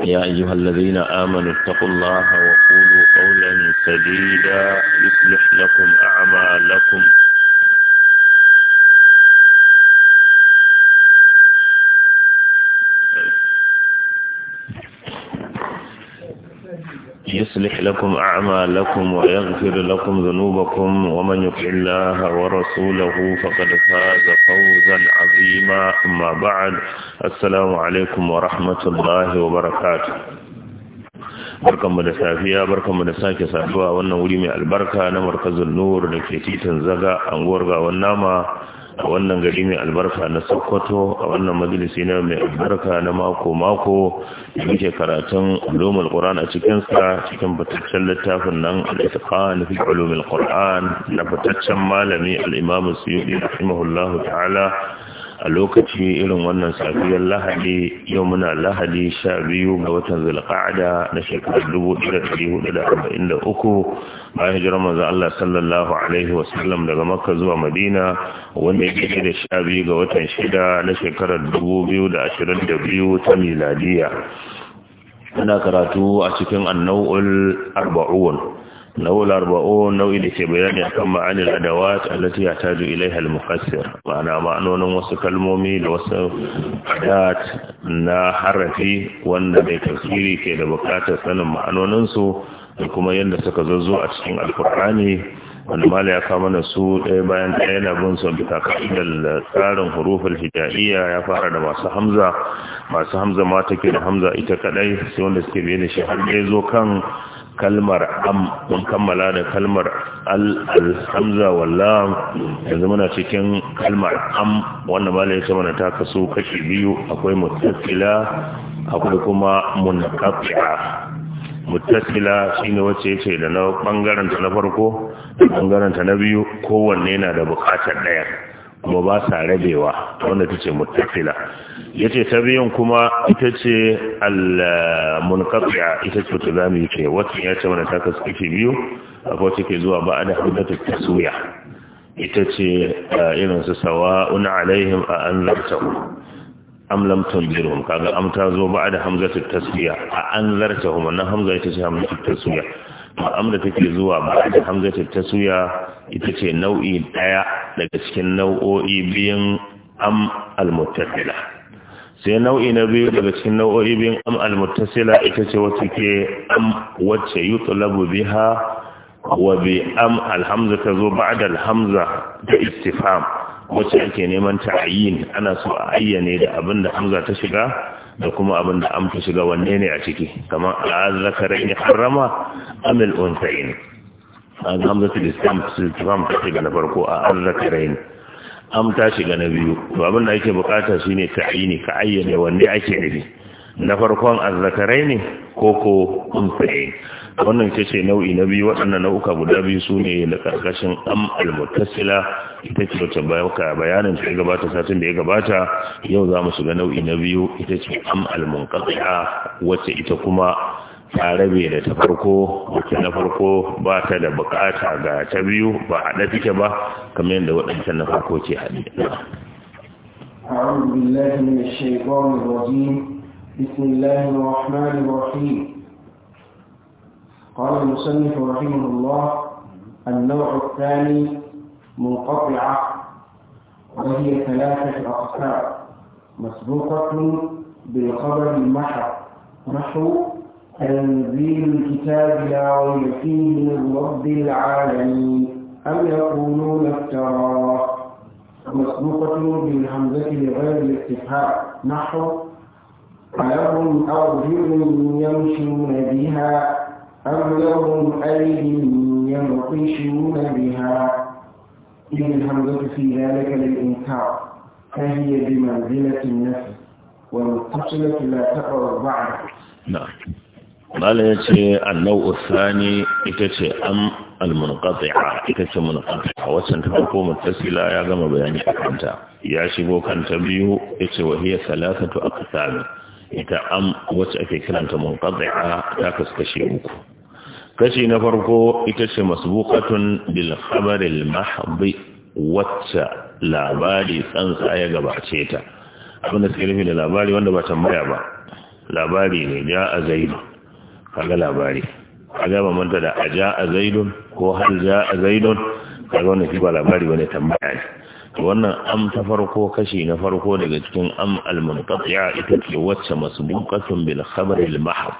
يا أيها الذين آمنوا اتقوا الله وقولوا قولا سديدا يصلح لكم أعمالكم يصلح لكم أعمالكم ويغفر لكم ذنوبكم ومن يطع الله ورسوله فقد فاز فوزا عظيما أما بعد السلام عليكم ورحمة الله وبركاته barkanmu da safiya barkanmu da sake saduwa wannan wuri mai albarka na markazin nur da ke titin zaga anguwar gawan nama a wannan gari mai albarka na sokoto a wannan majalisi na mai albarka na mako-mako da muke karatun ulumul qur'an a cikinsa cikin fataccen littafin nan al-itqan fi ulumul qur'an na fataccen malami al-imam suyuti rahimahullahu ta'ala a lokaci irin wannan safiyar lahadi yau muna lahadi sha biyu ga watan zulqa'ada na shekarar dubu ɗaya da ɗari hudu da arba'in da uku bayan hijirar manzo Allah sallallahu alaihi wasallam daga makka zuwa madina wanda yake da sha biyu ga watan shida na shekarar dubu biyu da ashirin da biyu ta miladiya ana karatu a cikin annau'ul arba'un nau'i da ke الأول أربعون نوع لكي بيان يحكم عن الأدوات التي يحتاج إليها المفسر معنى معنون وصف المومي لوصف حدات نا حرفي وان بي تفسيري كي لبقات سنة معنون نسو لكما يندسك زوزو أتشين القرآني wanda mala ya kama da su ɗaya bayan ɗaya na bin son bisa da tsarin hurufin hijaiya ya fara da masu hamza masu hamza ma take da hamza ita kadai sai wanda suke biye shi har ɗaya kan kalmar am mun kammala da kalmar al-hamza yanzu muna cikin kalmar am wanda malai ya mana ta kaso kashi biyu akwai muttasila akwai kuma munqati'a muttasila shine wacce yake da na bangaren ta na farko bangaren ta na biyu kowanne yana da bukatar daya kuma ba sa rabewa wanda ta ce mutafila ya ce ta biyan kuma ita ce al-munkatsiya ita ce ta zami ce wata ya ce mana ta kasu kake biyu akwai kawai ke zuwa ba a da hudatu ta suya ita ce irin su sawa una alaihim a an zarta am lam tunzirhum kaga am ta zo ba a da ta suya a an zarta hu wannan hamza ita ce hamzatu ta to am da take zuwa ba da ta tasbiya ita ce nau'i ɗaya daga cikin nau'o'i biyun am almuttasila sai nau'i na biyu daga cikin nau'o'i biyun am almuttasila ita ce wacce ke am wacce yutlabu biha wa bi am alhamza ta zo da alhamza da istifam wacce ake neman ta'ayin ana so a ayyane da abin da hamza ta shiga da kuma abin da am ta shiga wanne ne a ciki kamar al'azzakarain harrama amil unsayin a hamzatul islam su tafam ta shiga na farko a an zakarai ne an ta shiga na biyu to abin da ake bukata shine ka aini ka ayyana wanne ake nufi na farkon azzakarai raini ko ko unsayin wannan ita ce nau'i na biyu waɗannan nau'uka guda biyu su ne da ƙarƙashin am almutasila ita ce wacce baka bayanin ta gabata satin da ya gabata yau za mu shiga nau'i na biyu ita ce am almunqati'a wacce ita kuma ta rabe da ta farko wacce na farko ba ta da bukata ga ta biyu ba haɗa take ba kamar yadda waɗancan na farko ce أعوذ بالله من الشيطان الرجيم بسم الله الرحمن الرحيم قال المصنف رحمه الله النوع الثاني منقطعة وهي ثلاثة أقسام مسبوقة بالخبر المحر نحو تنزيل الكتاب العظيم فيه من رب العالمين أم يقولون افتراه مسبوقة بالهمزة لغير الاستفهام نحو ألهم أرجل يمشون بها أم لهم أيد يمطشون بها إن الهمزة في ذلك للإنكار فهي بمنزلة النفس والمتصلة لا تقرأ بعدها نعم malam ya ce annau usani ita ce am almunqati'a ita ce munqati'a waccan ta farko mutasila ya gama bayani a kanta ya shigo kanta biyu yace wa hiya salasatu aqsam ita am wacce ake kiranta munqati'a ta kaskashe uku kashi na farko ita ce masbuqatun bil khabar al mahdhi wacce labari tsantsa ya gabace ta abinda suke nufi da labari wanda ba tambaya ba labari ne ja a zaidu kaga labari kaga ba manta da aja a ko hal ja a zaidun kaga wannan shi ba labari bane tambaya ne wannan am ta farko kashi na farko daga cikin am al-munqati'a ita ce wacce masbuqatun bil khabar al-mahab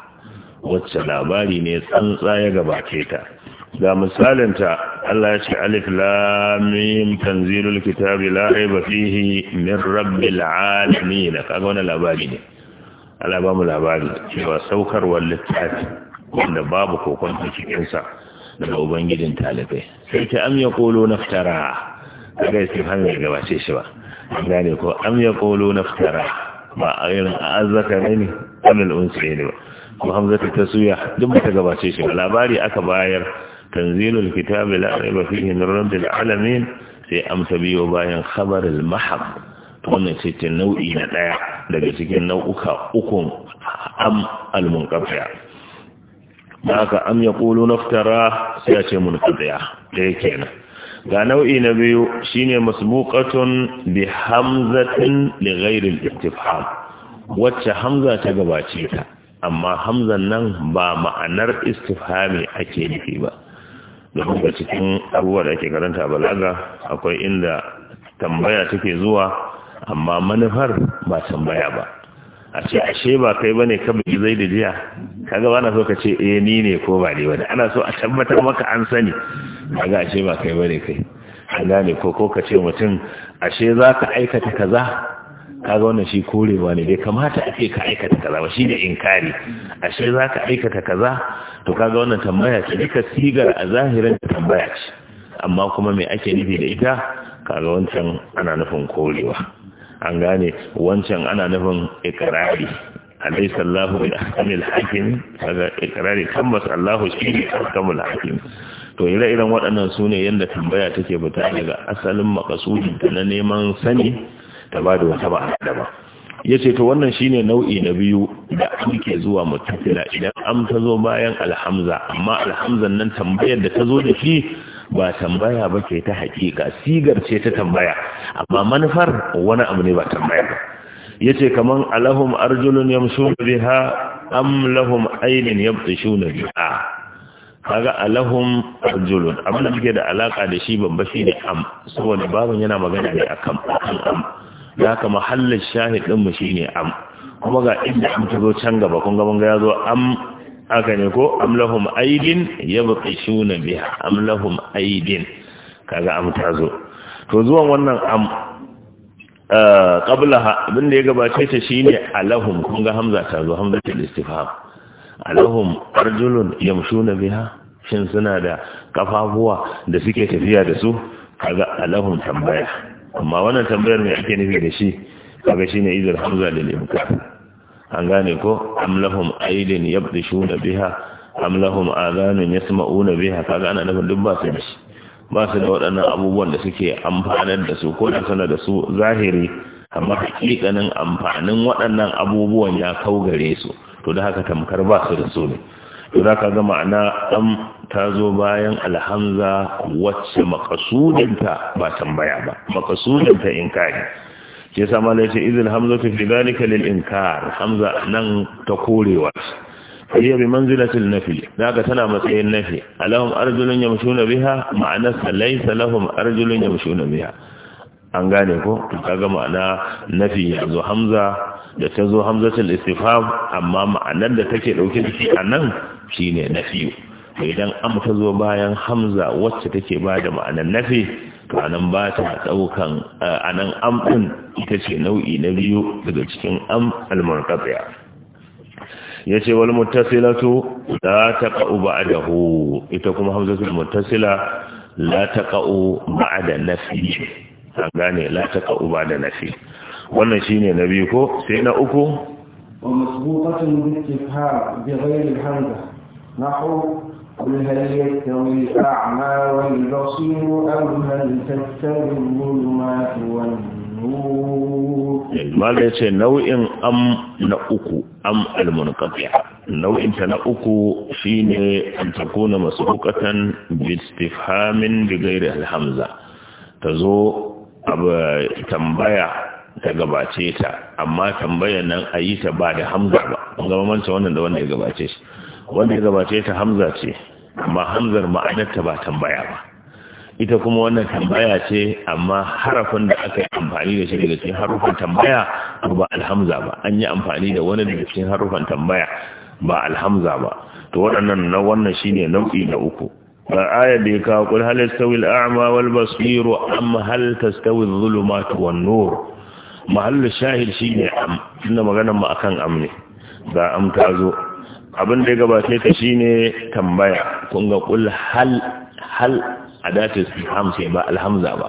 wacce labari ne tsantsa ya gabace ta Da misalinta Allah ya ce alif lam mim tanzilul kitabi la raiba fihi min rabbil alamin kaga wannan labari ne Allah ba mu labari cewa saukarwar littafi wanda babu kokon cikinsa daga ubangijin talibai sai ta am ya kolo naftara sai istifham ya gabace shi ba gane ko am ya kolo naftara ba a irin azzaka ne amil unsi ne ba ko hamzatu tasuya duk ba ta gabace shi ba. labari aka bayar tanzilul kitabi la raiba fihi min rabbil alamin sai amsa biyo bayan khabar al mahab wannan ce ce nau'i na ɗaya daga cikin nau'uka ukun am al-munqati'a da aka am naftara sai ya ce munqati'a ɗaya kenan ga nau'i na biyu shine masbuqatun bi hamzatin li ghairi al-istifham wacce hamza ta gabace ta amma hamzan nan ba ma'anar istifhami ake nufi ba domin ga cikin abubuwa da ake karanta balaga akwai inda tambaya take zuwa amma manufar ba tambaya ba a ce ashe ba kai bane ka bugi zai da jiya kaga gaba na so ka ce eh ni ne ko ba ne wani ana so a tabbatar maka an sani kaga ashe ba kai bane kai an ne ko ko ka ce mutum ashe za ka aikata kaza kaga wannan shi korewa ne dai kamata a ce ka aikata kaza ba shine inkari ashe za ka aikata kaza to kaga wannan tambaya ce duka sigar a zahirin tambaya ce amma kuma me ake nufi da ita kaga wancan ana nufin korewa an gane wancan ana nufin ikrari bi ahkamil hakim الحاكم هذا إقراري Allahu shi ne hakim to ire iren waɗannan su ne yadda tambaya take fita daga asalin makasudin na neman sani ta ba da wata ba da ba Yace to wannan shine nau'i na biyu da ake zuwa mutasila idan am zo bayan alhamza amma alhamzan nan tambayar da ta zo da shi ba tambaya ba ke ta hakika sigar ce ta tambaya amma manufar wani abu ne ba tambaya ba yace kaman alahum arjulun yamshuna biha am lahum aynun yabtishuna biha kaga alahum arjulun abin da suke da alaka da shi bambashi shi ne am saboda baban yana magana ne akan am da haka mahallin shahidin mu shine am kuma ga inda ta zo can gaba kun ga ya zo am aka ne ko amlahum aidin yabqishuna biha amlahum aidin kaga am tazo to zuwan wannan am eh, qablaha abinda ya gabace ta shine alahum kun ga hamza ta zo hamza ta istifham alahum arjulun yamshuna biha shin suna da kafafuwa da suke tafiya da su kaga alahum tambaya amma wannan tambayar me ake nufi da shi kaga shine izar hamza da imkan an gane ko amlahum aidin yabdishuna biha amlahum lahum adhanun yasma'una biha kaga ana nufin duk ba su da shi ba su da waɗannan abubuwan da suke amfanar da su ko da suna da su zahiri amma hakikanin amfanin waɗannan abubuwan ya kau gare su to da haka tamkar ba su da su ne to za ka ga ma'ana am ta zo bayan alhamza wacce makasudinta ba tambaya ba makasudinta in kai shi yasa malai ce izil hamzatu fi zalika lil inkar hamza nan ta korewa hiya bi manzilatil nafi daga tana matsayin nafi alahum arjulun yamshuna biha ma'ana laysa lahum arjulun yamshuna biha an gane ko kaga ma'ana nafi yanzu hamza da ta zo hamzatul istifham amma ma'anar da take dauke da shi anan shine nafi idan am ta zo bayan hamza wacce take bada ma'anar nafi to anan ba ta daukan anan amfin ita ce nau'i na biyu daga cikin am al murqabiya yace wal muttasilatu la taqa'u ba'dahu ita kuma hamzatul muttasila la taqa'u ba'da nafi an gane la taqa'u ba'da nafi wannan shine na biyu ko sai na uku wa masbuqatun bi ittifaq bi al hamza nahwu قل هل يتوي الأعمى والبصير أم هل تتوي الظلمات والنور ما ليس نوع أم نأكو أم المنقطع نوع تنأكو فين أن تكون مسبوقة باستفهام بغير الحمزة تزو أب تنبيع ta gabace ta amma tambayar nan a yi ta ba da hamza ba ga mamanta wannan da wannan ya gabace shi wanda ya gabata ta hamza ce amma hamzar ma'anarta ba tambaya ba ita kuma wannan tambaya ce amma harafin da aka yi amfani da shi daga cikin harufan tambaya ba alhamza ba an yi amfani da wani daga cikin harufan tambaya ba alhamza ba to waɗannan na wannan shine nau'i na uku ba ayar da ya kawo kul hal yastawi al-a'ma wal basir am hal tastawi adh-dhulumat wan nur mahallu shahid shine am inda maganar mu akan am ne ga am ta zo abin da ya gabace ta shine tambaya kun ga kul hal hal adatis ham sai ba alhamza ba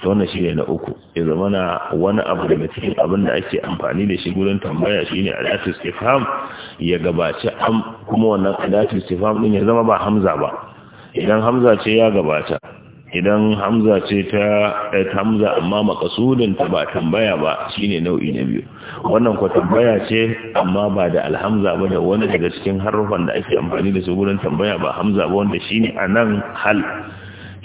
to wannan ne na uku ya zama na wani abu da cikin abin da ake amfani da shi gurin tambaya shine adatis ifham ya gabace kuma wannan adatis ifham din ya zama ba hamza ba idan hamza ce ya gabata idan hamza ce eh, ta hamza amma makasudin ta ba tambaya ba shine nau'i na biyu wannan ko tambaya ce amma ba da alhamza ba da wani daga cikin harufan da ake amfani da su gurin tambaya ba hamza ba wanda shine anan hal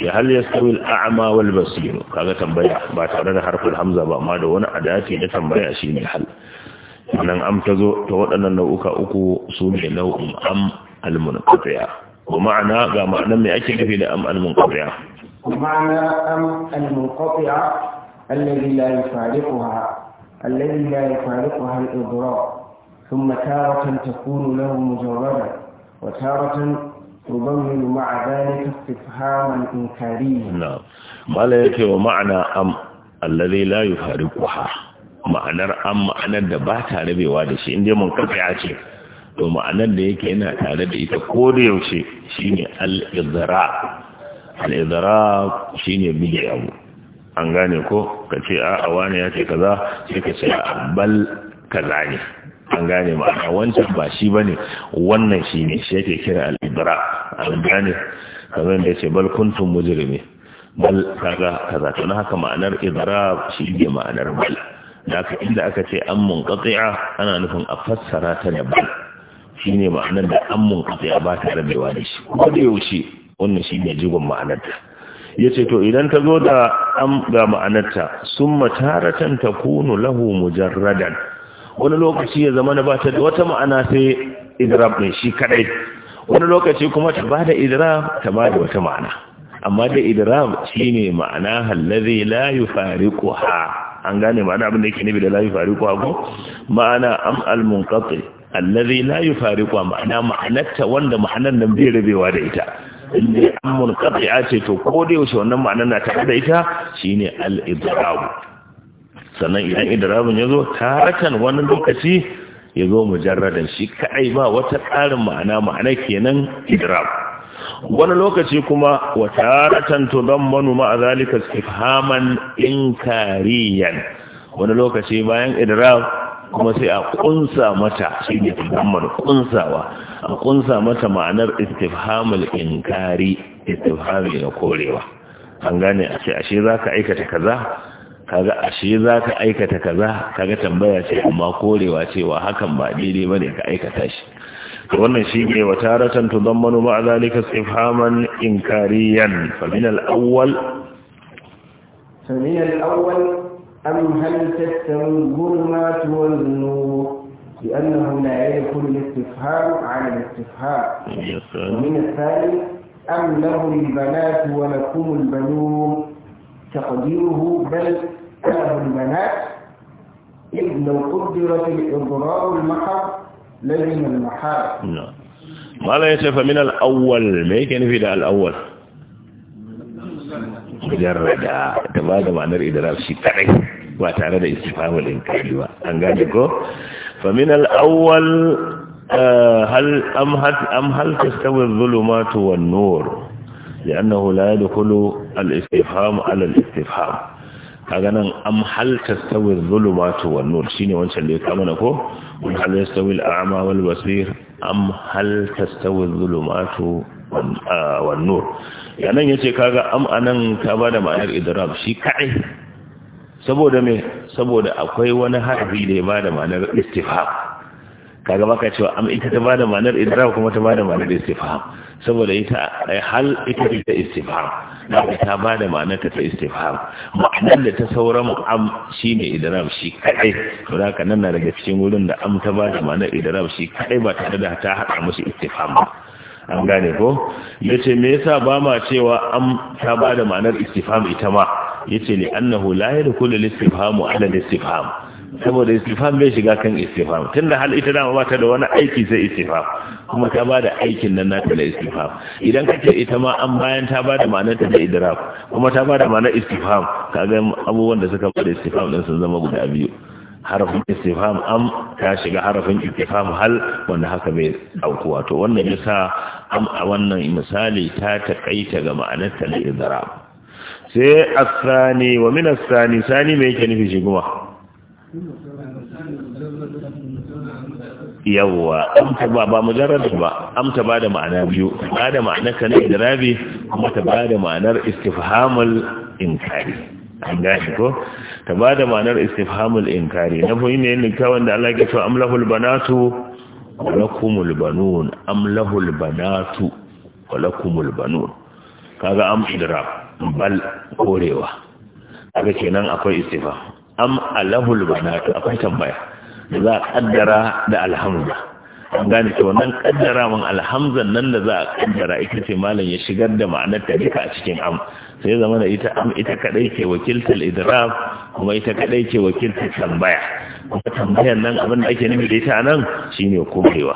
ya hal yastawi al'ama wal basir kaga tambaya ba tare da harfin hamza ba amma da wani adati da tambaya shine hal nan am ta zo ta waɗannan nau'uka uku su ne nau'in am al-munqati'a ma'ana ga ma'anar me ake nufi da am al-munqati'a ومعنى أم المنقطع الذي لا يفارقها الذي لا يفارقها الإضرار ثم تارة تكون له مجردة وتارة تضمن مع ذلك استفهاما إنكاريا نعم ما لا يتي ومعنى أم الذي لا يفارقها ma'anar an ma'anar da ba ta rabewa da shi inda mun kafa ce to ma'anar da yake yana tare da ita ko da yaushe shine al-idra al'idara shi ne abu an gane ko ka ce a awa ya ce kaza sai ka ce a bal za ne an gane ma. A wancan ba shi ba ne wannan shi ne shi yake kira al'idara an gane kamar da ya ce bal kuntun mujirimi bal kaza kaza to na haka ma'anar idara shi ne ma'anar bal da aka inda aka ce an munqati'a ana nufin a fassara ta ne bal ne ma'anar da an munqati'a ba rabewa da shi ko yaushe wannan shi ne jigon ma'anarta ya ce to idan ta zo da an ga ma'anarta sun mataratan ta kunu lahu mujarradan wani lokaci ya zama na ba ta da wata ma'ana sai idrab ne shi kadai wani lokaci kuma ta ba da idrab ta ba da wata ma'ana amma da idrab shine ma'ana hallazi la yufariquha an gane ma'ana abin da yake nabi da la yufariquha ko ma'ana am al munqati allazi la yufariquha ma'ana ma'anarta wanda ma'anar nan bai rabewa da ita inda an munqati'a ce to ko da yaushe wannan ma'anar na tare da ita shine al-idrab sannan idan idrabin ya zo tarakan wani lokaci ya zo mujarradan shi kai ba wata ƙarin ma'ana ma'ana kenan idrab wani lokaci kuma to don manoma a zalika istifhaman inkariyan wani lokaci bayan Idrab kuma sai a kunsa mata shine tudammanu kunsawa a kunsa mata ma'anar istifhamul inkari istifhami na korewa an gane a ce ashe za ka aikata kaza kaga ashe za ka aikata kaza kaga tambaya ce amma korewa cewa hakan ba daidai ba ne ka aikata shi wannan shi ne wa taratan tudammanu ma zalika istifhaman inkariyan fa min al-awwal fa min al-awwal am hal tastawi al-zulmatu nur لأنه لا يدخل الاستفهام عن الاستفهام ومن الثاني أم له البنات ولكم البنون تقديره بل له البنات إذ لو قدرت الإضرار المحض لزم المحال نعم ما لا يتفى من الأول ما يكن يعني في الأول مجرد da ba da ma'anar idrar shi الاستفهام والإنكار. tare da فمن الأول هل أم هل, أم هل تستوي الظلمات والنور لأنه لا يدخل الاستفهام على الاستفهام كأن أم هل تستوي الظلمات والنور شيني وانشان اللي كامنا كو هل يستوي الأعمى والبصير أم هل تستوي الظلمات والنور يعني يتي أم أنا تبادم أهل إدراب شي كعي saboda me saboda akwai wani harfi da ya ba da ma'anar istifham kaga baka cewa am ita ta ba da ma'anar idrar kuma ta ba da ma'anar istifham saboda ita hal ita ta istifham na ta da ma'anar ta istifham ma'anar da ta sauran am shi ne idrar shi kadai to haka nan na daga cikin wurin da am ta ba da ma'anar idrar shi kadai ba tare da ta haɗa musu istifham ba an gane ko yace me yasa ba ma cewa an ta ba da ma'anar istifam ita ma yace li annahu la yadkhulu al ala saboda istifam bai shiga kan istifham tunda hal ita dama ba ta da wani aiki sai istifham kuma ta bada aikin nan nata da istifam idan ka ce ita ma an bayan ta da ma'anar ta da idrak kuma ta da ma'anar istifam kaga abubuwan da suka bada istifam din sun zama guda biyu harafin istifam am ta shiga harafin istifam hal wanda haka bai dauku wato wannan yasa am a wannan misali ta takaita ga ma'anar ta da izrab sai asani wa min asani sani me yake nufi shi kuma yawwa amta ba ba mujarrad ba amta ba da ma'ana biyu ba da ma'anar ka na idrabi kuma ta ba da ma'anar istifhamul inkari an gane ko ta ba da ma'anar istifhamul inkari na fahimta yin kawai wanda Allah ke cewa amlahul banatu walakumul banun amlahul banatu walakumul banun kaga am idrab bal korewa kaga kenan akwai istifham am alahul banatu akwai tambaya da za a kaddara da alhamza an gane cewa nan kaddara man alhamzan nan da za a kaddara ita ce malam ya shigar da ma'anar ta duka a cikin am sai zama da ita ita kadai ke wakiltar Idraf, kuma ita kadai ke wakiltar tambaya kuma tambayar nan abin da ake nufi da ita nan shine kumrewa.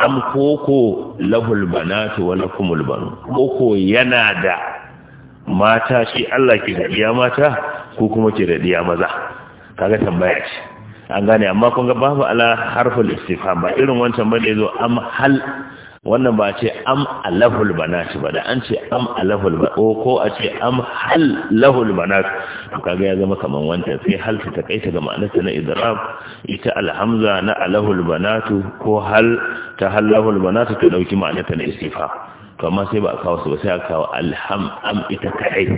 am koko lahul banatu wa lakumul banu koko yana da mata shi Allah ke da iya mata ko kuma ke da iya maza kaga tambaya ce an gane amma kun ga babu ala harful istifham ba irin wancan bane zo am hal wannan ba ce am alahul banat ba da an ce am alahul ba ko a ce am hal lahul banat kaga ya zama kaman wancan sai hal ta takaita ga ma'anarta na idrab ita alhamza na alahul banat ko hal ta hal lahul banat ta dauki ma'anarta na istifa to amma sai ba a kawo su ba sai a kawo alham am ita kai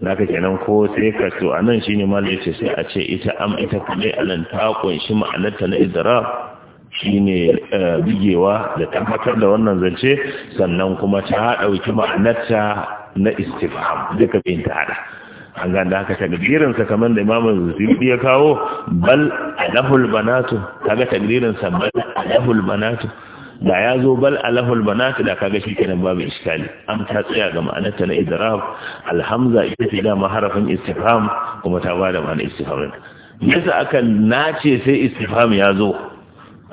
naka kenan ko sai ka to anan shine malai sai a ce ita am ita kai alan ta kunshi ma'anarta na idrab shine eh, bigewa da tabbatar da wannan zance sannan kuma ta ɗauki ma'anarta na istifham duka bin ta hada an ganda haka takdirin sa kamar da imamu zubi ya kawo bal alahul banatu kaga takdirin sa bal alahul banatu da ya zo bal alahul banatu da kaga shi kenan babu iskali an ta tsaya ga ma'anarta na idraf alhamza ita ce da harafin istifham kuma ta bada ma'anar istifham yasa aka nace sai istifham ya zo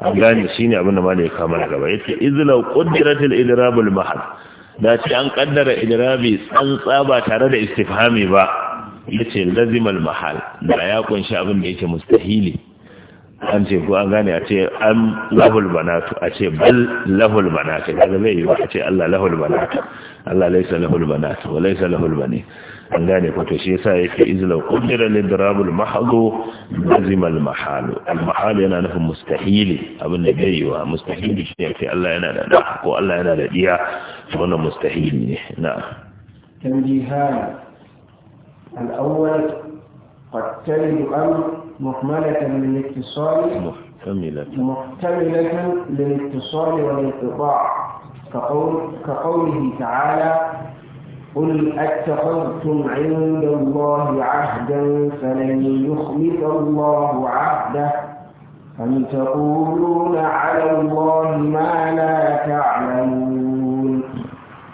an gane shi ne abinda ma da kama na gaba yace izlau qudratil idrabul mahal da ce an kaddara idrabi tsantsa ba tare da istifhami ba yace lazimal mahal da ya kunshi abin da yake mustahili an ce ko an gane a ce an lahul banatu a ce bal lahul banatu kaga zai yi ba a ce Allah lahul banatu Allah laysa lahul banatu wa laysa lahul banatu an gane ko to shi yasa yake izla qudira lidrab al mahdhu lazim al mahal al mahal yana nufin mustahili abin da bai yiwa mustahili shi ne sai Allah yana da da ko Allah yana da diya wannan mustahili ne na tanbihan al awwal qad talibu am muhmalatan lil ittisal محتملة محتملة للاتصال والانقطاع كقول كقوله تعالى قل أتخذتم عند الله عهدا فلن يخلف الله عهده أم تقولون على الله ما لا تعلمون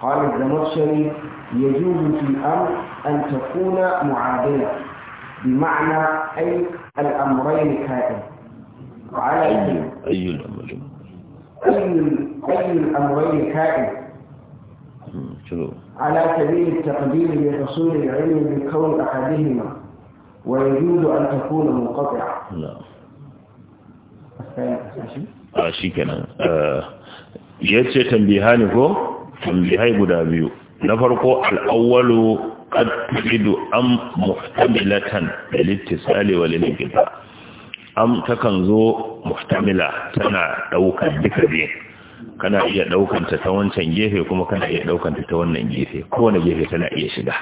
قال الزمخشري يجوز في الأمر أن تكون معادلة بمعنى أي الأمرين كائن على أي أي الأمرين أي الأمرين كائن شنو؟ على سبيل التقديم لحصول العلم بكون أحدهما ويجوز أن تكون منقطعة نعم a shi kenan ya ce tambiha ne ko tambihai guda biyu na farko al'awwalu qad tufidu am muhtamilatan lil ittisali wal inqita am takan zo muhtamila tana ɗaukar duka biyu kana iya ɗaukanta ta wancan gefe kuma kana iya ɗaukanta ta wannan gefe kowane gefe tana iya shiga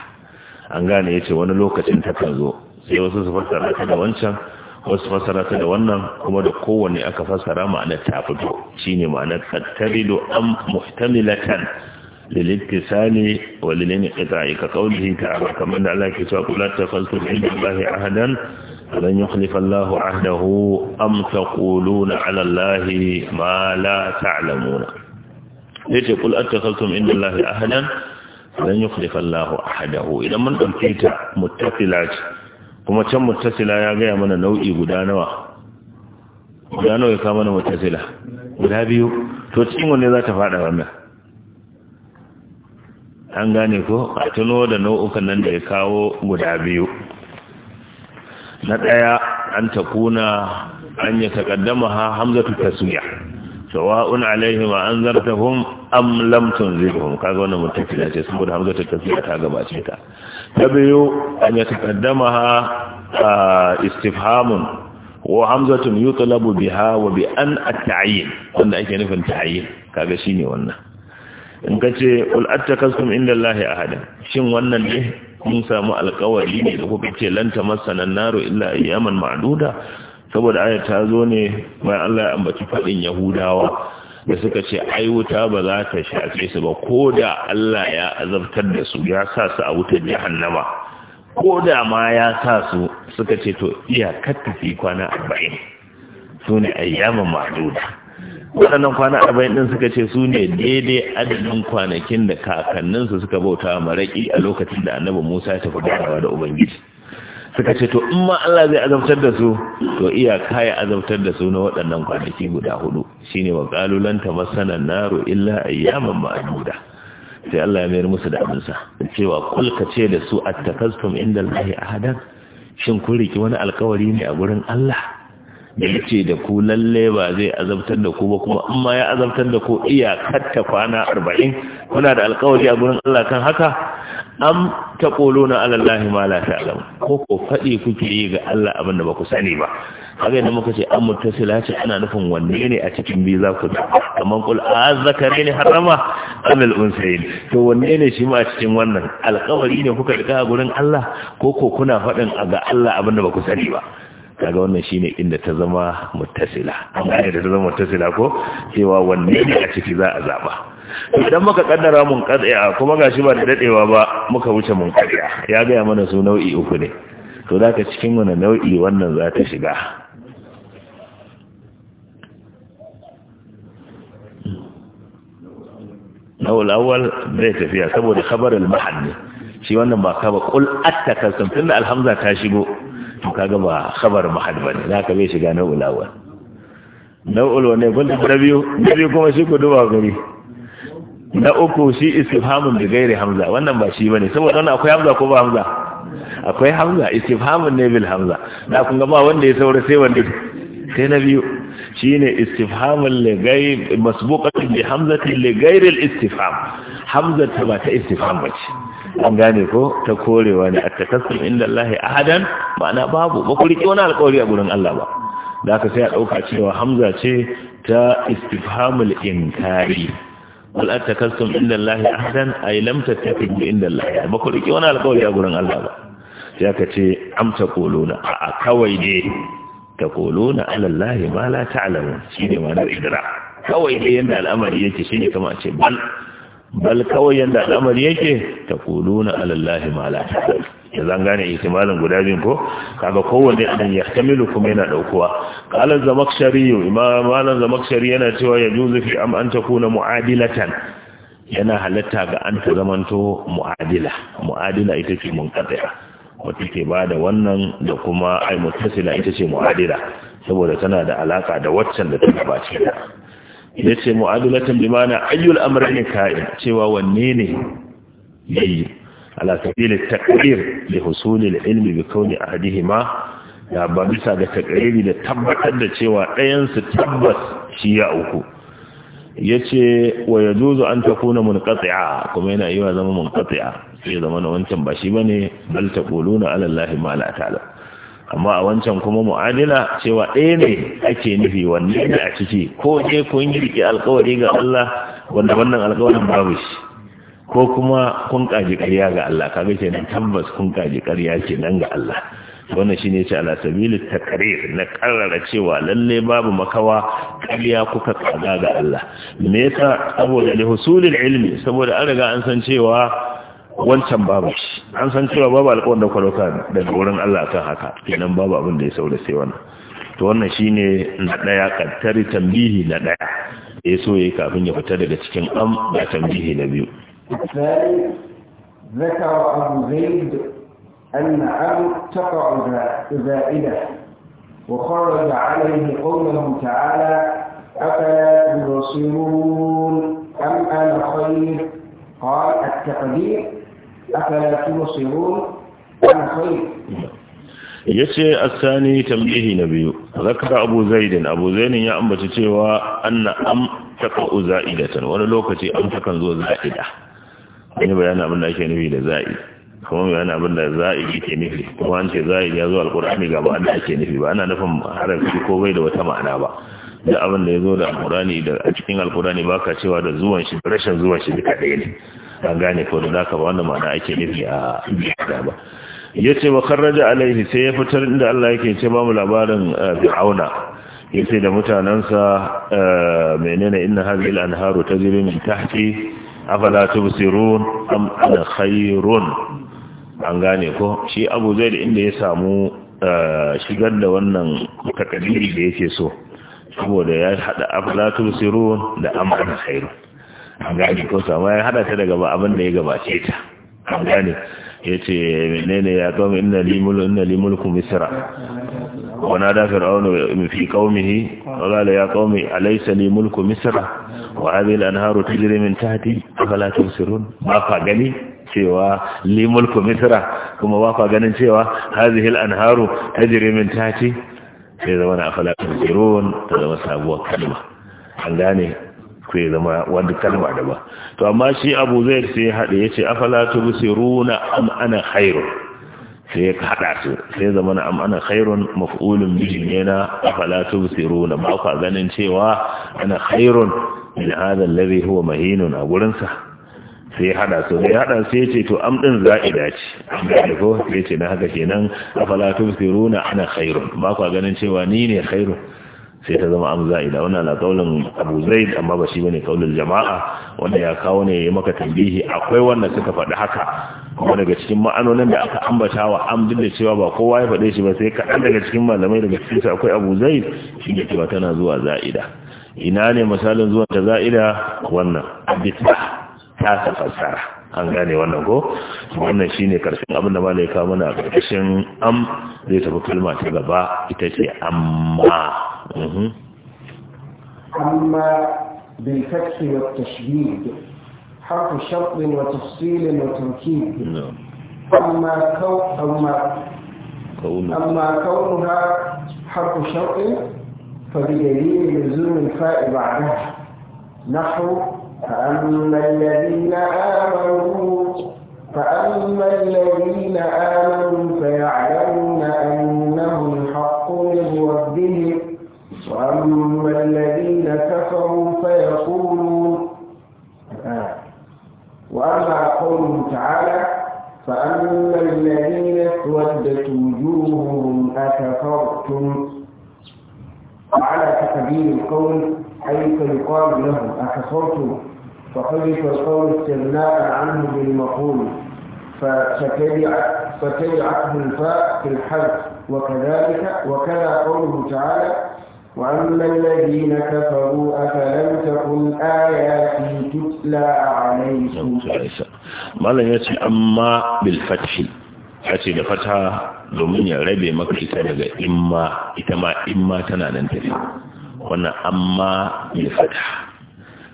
an gane yace wani lokacin ta kan zo sai wasu su fassara ta da wancan wasu fassara ta da wannan kuma da kowane aka fassara ma'anar ta fito shine ma'anar tattarido am muhtamilatan للاتسال وللانقطاع كقوله تعالى كما ان الله كتاب لا fasu bi Allah ahadan لن يخلف الله عهده أم تقولون على الله ما لا تعلمون ليش يقول أتخلتم inda الله ahadan lan يخلف الله ahadahu idan mun أمتيت متفلات كما ce kuma can muttasila ya النوئي mana nau'i guda nawa guda nawa ya تفعل muttasila fada wannan an gane ko a tuno da nau'ukan nan da ya kawo guda biyu na ɗaya an takuna an ya takaddama ha hamzatu tasmiya sawa'un ma an zartahum am lam tunzirhum kaga wannan mutakila ce saboda hamzatu tasmiya ta gabace ta ta biyu an ya takaddama ha istifhamun wa hamzatun yutlabu biha wa bi an a tayin wanda ake nufin ta'yin kaga shine wannan in kace ul attakastum inda allahi ahada shin wannan ne kun samu alkawari ne da kuka ce lanta masanan naro illa ayyaman ma'duda saboda ayat ta zo ne bayan Allah ya ambaci fadin yahudawa da suka ce ai wuta ba za ta shafe su ba ko da Allah ya azabtar da su ya sa su a wutar jahannama ko da ma ya sa su suka ce to katta fi kwana arba'in sune ayyaman ma'duda waɗannan kwana arba'in ɗin suka ce su ne daidai adadin kwanakin da kakanninsu suka bauta maraƙi a lokacin da annabi musa ya tafi dawa da ubangiji suka ce to in ma Allah zai azabtar da su to iya kaya azabtar da su na waɗannan kwanaki guda hudu shine wa qalulan tamassana naro illa ayyaman ma'duda sai Allah ya mayar musu da abinsa cewa kul ka ce da su attakastum inda Allah ahadan shin kun riki wani alkawari ne a gurin Allah da yace da ku lalle ba zai azabtar da ku ba kuma amma ya azabtar da ku iyakar ta kwana 40 kuna da alƙawari a gurin Allah kan haka am taquluna ala allahi ma la ta'lam ko ko fadi kuke yi ga Allah abin da ba ku sani ba kaga idan muka ce am mutasila ce ana nufin wanne ne a cikin bi za ku ta kaman qul azzakari ne harama al unsayin to wanne ne shi ma a cikin wannan alƙawari ne kuka rika a gurin Allah ko ko kuna faɗin ga Allah abin da ba ku sani ba kaga wannan shine inda ta zama muttasila amma da ta zama muttasila ko cewa wanne ne a ciki za a zaba idan muka kaddara mun kadaya kuma gashi ba da dadewa ba muka wuce mun kadaya ya ga mana su nau'i uku ne to zaka cikin wannan nau'i wannan za ta shiga nawul awwal bai tafiya saboda khabar al mahalli shi wannan ba ka ba qul sun tunda alhamza ta shigo to kaga ba khabar mahad bane ka bai shiga nau'ul awwal nau'ul wani kun da biyu biyu kuma shi ku duba gari na uku shi istifhamun bi gairi hamza wannan ba shi bane saboda wannan akwai hamza ko ba hamza akwai hamza istifhamun ne bil hamza da kun ga ba wanda ya saura sai wanda sai na biyu shine istifhamun li gairi masbuqatin bi hamzatin li gairi al istifham hamza ta ba ta istifham bace an gane ko ta korewa ne a takassun inda Allah ba na babu ba ku riƙe wani alƙawari a gurin Allah ba da aka sai a ɗauka cewa hamza ce ta kari. inkari wal takassun inda Allah lamta ta lam tattafiqu inda Allah ba ku riƙe wani alƙawari a gurin Allah ba sai aka ce amsa kolona a kawai dai ta kolona alallahi ma la ta'alamu shi ne ma na idra kawai dai yadda al'amari yake shi ne kama a ce bal bal kawai yanda al'amar yake ta kuluna alallahi ma la zan gane ihtimalin guda biyun ko kaga kowanne dan kamilu kuma yana ɗaukuwa. qala zamakshari imam malan zamakshari yana cewa ya juzu fi am an takuna muadilatan yana halatta ga an ta zamanto muadila muadila ita ce munqati'a wata ke bada wannan da kuma ai muttasila ita ce muadila saboda tana da alaka da waccan da ta gabace ya ce mu'adulatan bi mana ayyul amrayn ka'in cewa wanne ne yayi ala sabili at li husul al-ilm bi kauni ahadihima da ba bisa ga takriri da tabbatar da cewa ɗayan su tabbas shi ya uku yace wa yajuzu an takuna munqati'a kuma yana yiwa zama munqati'a sai zama na wancan ba shi bane bal taquluna ala allahi ma la ta'lam amma a wancan kuma mu'adila cewa ɗaya ne ake nufi wanne ne a ciki ko je kun yi riƙe alƙawari ga Allah wanda wannan alƙawarin babu shi ko kuma kun kaji ƙarya ga Allah kaga kenan tabbas kun kaji ƙarya nan ga Allah wannan shine ce ala sabili takrir na karrara cewa lalle babu makawa ƙarya kuka kaga ga Allah me yasa saboda lihusulil ilmi saboda an riga an san cewa wancan babu shi an san cewa babu alƙawarin da kwaroka daga wurin Allah kan haka kenan babu abin da ya saura sai wannan to wannan shine na daya kattari tambihi na daya ya so yayi kafin ya fita daga cikin am da tambihi na biyu ذكر أبو زيد أن عم تقع زائدة وخرج عليه قوله تعالى أفلا تبصرون أم أنا خير قال التقدير أفلا تبصرون أنا خير yace asani tambihi na biyu zakara abu zaidin abu zaidin ya ambaci cewa anna am da za'idatan wani lokaci am takan zo za'ida wani bayanin abinda ake nufi da za'i kuma bayanin abinda da za'i yake nufi kuma an ce za'i ya zo alqur'ani ga ba an ake nufi ba ana nufin harafi ko bai da wata ma'ana ba da abin da ya zo da alkurani da a cikin alkurani ba ka cewa da zuwan shi rashin zuwan shi duka ɗaya ne ta gane ko da ka ba wannan ma'ana ake nufi a da ba ya wa karraja alaihi sai ya fitar inda Allah yake ce ba mu labarin eh, fir'auna yace da mutanansa eh, menene inna al anharu tajri min tahti afala tubsirun am ana khairun an gane ko shi Abu Zaid inda ya samu eh, shigar da wannan takadiri da yake so saboda ya hada afala tubsirun da am ana khairun an gane ko sa ya hada ta daga abin da ya gabace ta an gane yace menene ya kawo inna limul inna limul ku misra wa nada fir'aun fi qaumihi qala ya qaumi alaysa li mulku misra wa hadhihi al-anharu tajri min tahti afala tusirun ma fa gani cewa li mulku misra kuma ba fa ganin cewa hadhihi al-anharu tajri min tahti sai zama na afala tusirun ta zama sabuwar kalma an gane ku zama wani kalma da ba to amma shi abu zai sai haɗe ya ce afala tubsiruna am ana khairu sai ya haɗa su sai zama na amana khairun maf'ulun bihi ne na afala tubsiruna ba ku ganin cewa ana khairun min hadha alladhi huwa mahinun a gurin sa sai haɗa su sai hada sai ce to am din za'ida dace, amma ko sai ce na haka kenan afala tubsiruna ana khairun ba ku ganin cewa ni ne khairun sai ta zama an za'ida wannan na kaulin abu zai amma ba shi bane kaulin jama'a wanda ya kawo ne ya maka tambihi akwai wanda suka faɗi haka kuma daga cikin ma'anonin da aka ambata wa amdin da cewa ba kowa ya faɗe shi ba sai kaɗan daga cikin malamai daga cikin su akwai abu zai shi ne cewa tana zuwa za'ida ina ne misalin zuwan ta za'ida wannan abita ta sa fassara an gane wannan ko wannan shine karshen abin da malai kawo mana a karkashin am zai tafi kalma ta gaba ita ce amma أما بالفتح والتشديد حرف شرط وتفصيل وتركيب نعم أما كو أما أما كونها حرف شرط فبدليل لزوم الفاء بعدها نحو فأما الذين آمنوا فأما الذين آمنوا فيعلمون أنه الحق من ربهم وأما الذين كفروا فيقولون آه، وأما قوله تعالى فأما الذين اسودت وجوههم أكفرتم وعلى تقدير القول أي فيقال لهم أكفرتم فخلف القول استغناء عنه بالمقول فتبعته الفاء في الحذف وكذلك وكذا قوله تعالى وأما الذين كفروا أفلم تكن آياتي تتلى عليكم malam ya ce amma bil fathi ya ce da fata domin ya rabe maka ita daga imma ita ma imma tana nan tafi wannan amma bil fatha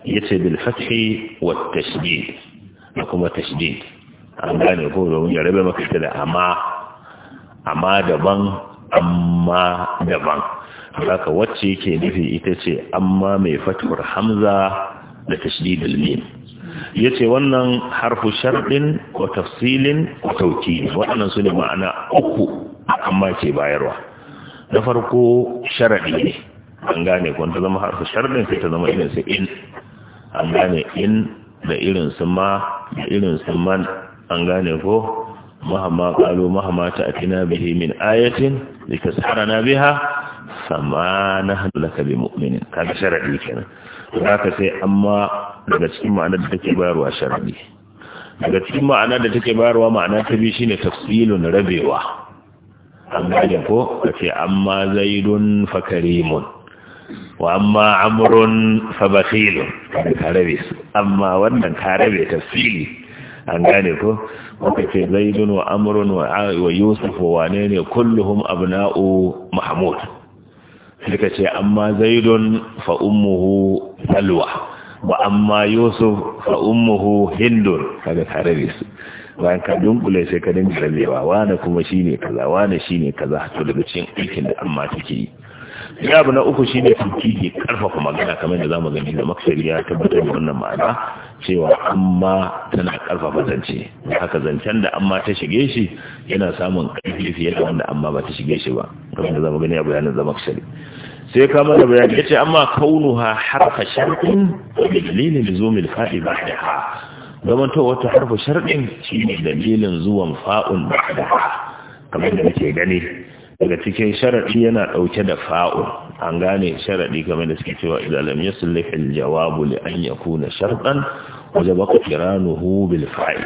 ya ce bil fathi wa tashdid da kuma tashdid an gane ko domin ya rabe maka ita da amma amma daban amma daban haka wacce yake nufi ita ce amma mai fatwar hamza da tashdidul mim yace wannan harfu sharɗin wa tafsilin wa tawkid wannan su ne ma'ana uku amma ke bayarwa na farko sharadi ne an gane ko ta zama harfu sharɗin sai ta zama irin in an gane in da irin su ma da irin su man an gane ko mahama qalu mahama ta'tina bihi min ayatin litasharana biha fama bi laka ka kaga sharadi kenan to ka sai amma daga cikin ma'anar da take bayarwa sharadi daga cikin ma'anar da take bayarwa ma'ana ta bi shine tafsilun rabewa amma da ko kace amma zaidun fa karimun wa amma amrun fa bakhilun ka rabe su amma wannan ka rabe tafsili an gane ko wanda ce zaidun wa amrun wa yusuf wa wane ne kulluhum abna'u mahmud sai ka ce amma zaidun fa salwa ba amma yusuf fa'ummuhu hindun kada tare da su bayan ka dunkule sai ka dinga rabewa wane kuma ne kaza shi ne kaza to daga cikin aikin da amma take yi ya abu na uku shi ne tauhidi karfafa magana kamar da zamu gani da maksari ya tabbatar da wannan ma'ana cewa amma tana karfafa zance haka zancen da amma ta shige shi yana samun karfi fiye da wanda amma ba ta shige shi ba kamar da zamu gani a bayanin da maksari sai ka mana bayani yace amma ha harfa shar'in dalilin luzumil fa'i ba'daha zaman to wata harfa shi ne dalilin zuwan fa'un ba'daha kamar da muke gani daga cikin sharaɗi yana ɗauke da fa'un an gane sharadi kamar da suke cewa idan lam sun al jawabu li an yakuna shartan wajaba qiranuhu bil fa'i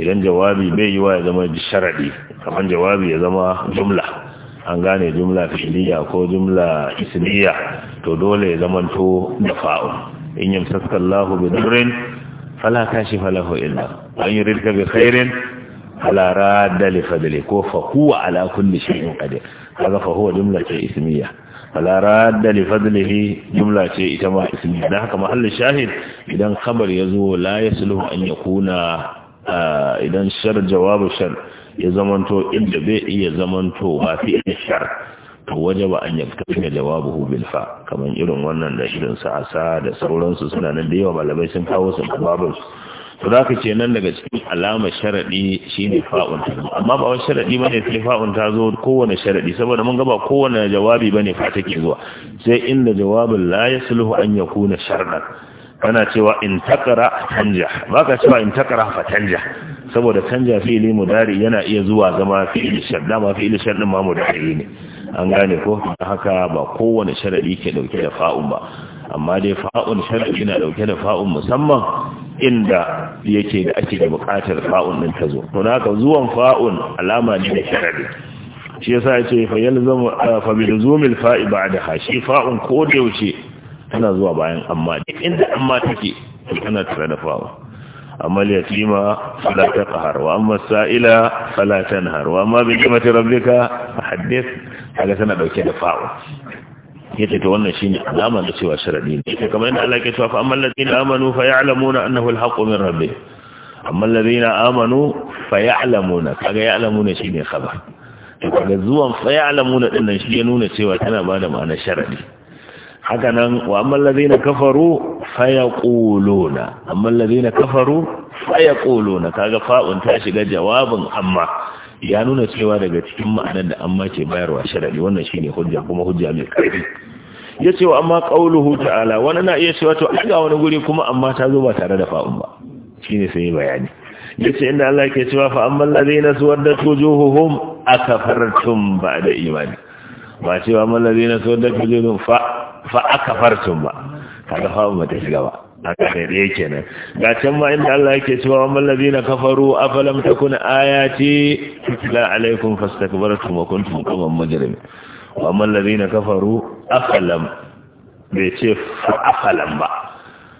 idan jawabi bai yi wa ya zama sharaɗi kamar jawabi ya zama jumla an gane jumla fi'liya ko jumla ismiya to dole ya zamanto da fa'ul in yamsaka Allahu bi dhurrin fala kashifa lahu illa an yuridka bi khairin fala radda li fadli ko fa huwa ala kulli shay'in qadir kaga fa huwa jumla ce ismiya fala radda li fadlihi jumla ce ita ma ismiya dan haka mahallin shahid idan khabar yazo la yasluhu an yakuna ah, idan shar jawabu shar ya zamanto inda bai iya zamanto ba fi shar to wajaba an yaktafi jawabuhu bil fa kaman irin wannan da irin su asa da sauransu suna nan da yawa malamai sun kawo su babun to zaka ce nan daga cikin alamar sharadi shine fa'un amma ba wani sharadi bane sai fa'un ta zo kowane sharadi saboda mun ga ba kowane jawabi bane fa take zuwa sai inda jawabin la yasluhu an yakuna shardan kana cewa in takara canja ba ka cewa in takara fa canja saboda canja mu mudari yana iya zuwa zama fi'ili shar dama fi'ili shar din ma mudari ne an gane ko haka ba kowane sharadi ke dauke da fa'un ba amma dai fa'un sharadi na dauke da fa'un musamman inda yake da ake da bukatar fa'un din ta zo to haka zuwan fa'un alama ne da sharadi shi yasa yace fa yalzamu fa bi luzumil fa'i ba'da hashi fa'un ko da yaushe tana zuwa bayan amma duk inda amma take to tana tare da fawa amma yatima fala taqhar wa amma sa'ila fala tanhar wa amma bi ni'mati rabbika fahaddith kaga tana dauke da fawa ce to wannan shine alama da cewa sharadi ne kamar yadda Allah ke ce fa amman ladina amanu fa ya'lamuna annahu al-haqqu min rabbih amma ladina amanu fa ya'lamuna kaga ya'lamuna shine khabar to kaga zuwan fa ya'lamuna din nan shi ya nuna cewa tana ba da ma'anar sharadi haka nan wa amman lazina kafaru fayaquluna amman lazina kafaru fayaquluna kaga fa'un ta shiga jawabin amma ya nuna cewa daga cikin ma'anar da amma ke bayarwa sharadi wannan shine hujja kuma hujja mai karfi yace wa amma qauluhu ta'ala wani na iya cewa to ga wani guri kuma amma ta zo ba tare da fa'un ba shine sai bayani yace inda Allah ke cewa fa amman ladina suwaddat wujuhuhum akafartum ba'da imani ba cewa amman ladina suwaddat wujuhuhum fa fa aka farsun ba kaga fa ba tafi gaba. Aka da dai kenan ga can ma inda Allah yake cewa wal ladina kafaru afalam takun ayati tutla alaikum fastakbartum wa kuntum qawman mujrimin wa wal ladina kafaru afalam bai ce afalam ba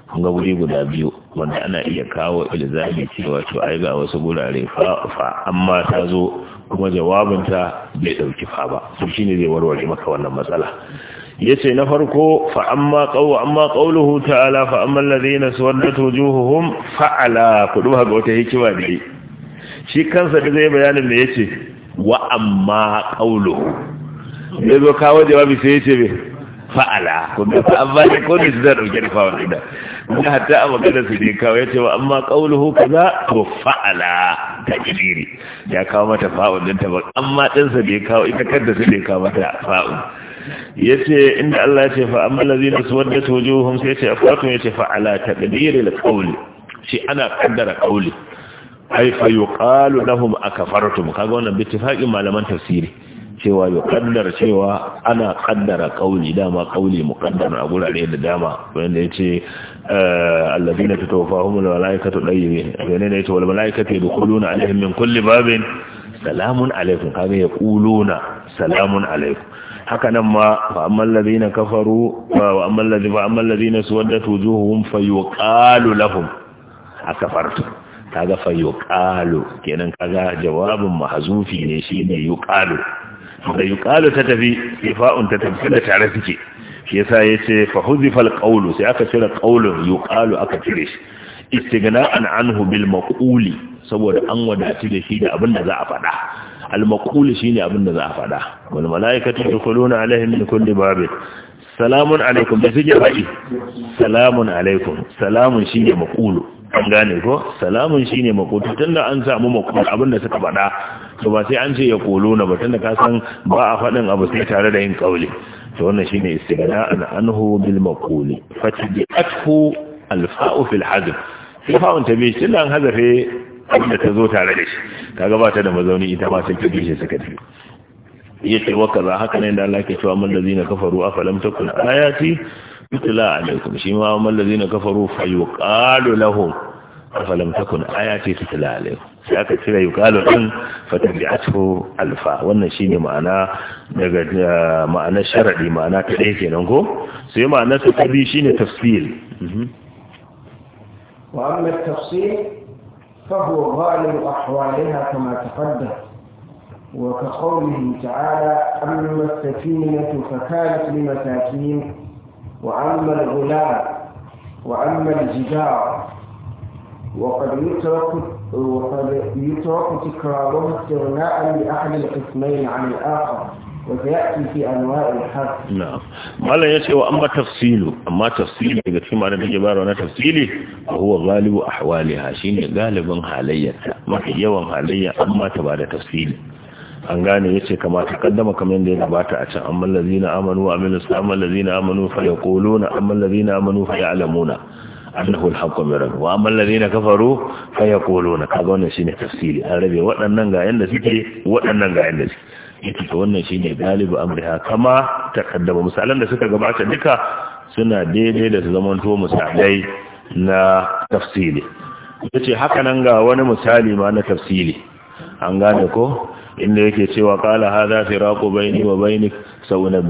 kun ga guri guda biyu wanda ana iya kawo ilzami cewa to ai ga wasu gurare fa fa amma ta zo kuma jawabinta bai dauki fa ba to shine zai warware maka wannan matsala yace na farko fa amma qaw amma qawluhu ta'ala fa amma alladhina suwaddat wujuhuhum fa'ala ku duba ga wata hikima ne shi kansa da zai bayanin da yace wa amma qawluhu zai zo kawo jawabi sai yace be fa'ala ku da amma ne ko ne zai dauke da fa'ala da Mun hatta a magana su ne kawo yace wa amma qawluhu kaza to fa'ala ta kidiri ya kawo mata fa'ul din ta ba amma din sa bai kawo ita kanta sai bai kawo mata fa'ul yace inda Allah ya ce fa amma allazina suwaddat wujuhum sai yace afatun yace fa ala da qawli shi ana kaddara qawli ay fa yuqalu lahum akafartum kaga wannan bittifaqin malaman tafsiri cewa yuqaddar cewa ana kaddara qawli dama qawli muqaddar a gurare da dama wanda yace eh, allazina tatawaffahumul malaikatu dayyibin wanda yace wal malaikatu yadkhuluna alaihim min kulli babin salamun alaikum kaga yaquluna salamun alaikum haka nan ma fa amman ladina kafaru fa amman ladina fa amman ladina suwaddat wujuhum fayuqalu lahum akafartu kaga fayuqalu kenan kaga jawabin mahzufi ne shi shine yuqalu da yuqalu ta tafi ifa'un ta tafi da tare suke shi yasa yace fa huzifa alqawlu sai aka cire qawlun yuqalu aka cire shi istighna'an anhu bil maquli saboda an wadati da shi da abin da za a faɗa al-maqul shine abin da za a faɗa wal malaikatu yadkhuluna alaihim min kulli babin salamun alaikum da suke faɗi salamun alaikum salamun shine makulu. an gane ko salamun shine makutu tunda an samu makulu, abin da suka faɗa to ba sai an ce ya kolo na ba tunda ka san ba a faɗin abu sai tare da yin kauli to wannan shine istighna an anhu bil maquli fatidathu al fa'u fil hazf sai fa'un tabi tunda an hazafe wanda ta zo tare da shi ta gabata da mazauni ita ma sai ta bishe suka ce yace wa kaza haka ne da Allah ke cewa man lazina kafaru afalam takun ayati tutla alaikum shi ma man lazina kafaru fa yuqalu lahum afalam takun ayati tutla alaikum sai aka cire yuqalu din fatabi'atu alfa wannan shine ma'ana daga eh, ma'anar sharadi ma'ana ta dai kenan ko sai ma'anar ta bi shine tafsil mhm. wa amma tafsil فهو غالب أحوالها كما تقدم وكقوله تعالى أما السكينة فكانت لمساكين وأما الغلام وأما الجدار وقد يترك وقد يترك تكرارها استغناء لأحد القسمين عن الآخر وسيأتي في أنواع الحق نعم قال يسي وأما تفصيل أما تفصيل إذا كما أنا تجبار وأنا تفصيلي وهو غالب أحوالها شين غالب حاليا ما في يوم حاليا أما تبعد تفصيلي an gane yace ce kamata kaddama kamar yadda ya gabata a can lazi na amanu wa amilus lazi na amanu fa yaquluna lazi na amanu fa ya'lamuna annahu al min rabbih wa amma alladhina kafaru fayaquluna kaga wannan shine tafsiri an rabe waɗannan ga yanda suke waɗannan ga yanda suke yake ta wannan shi ne galibu amriha kama ta kaddama misalan da suka gabata duka suna daidai da su zamanto misalai na tafsili ya ce haka nan ga wani misali ma na tafsili an gane ko inda yake cewa kala hadha firaqu baini wa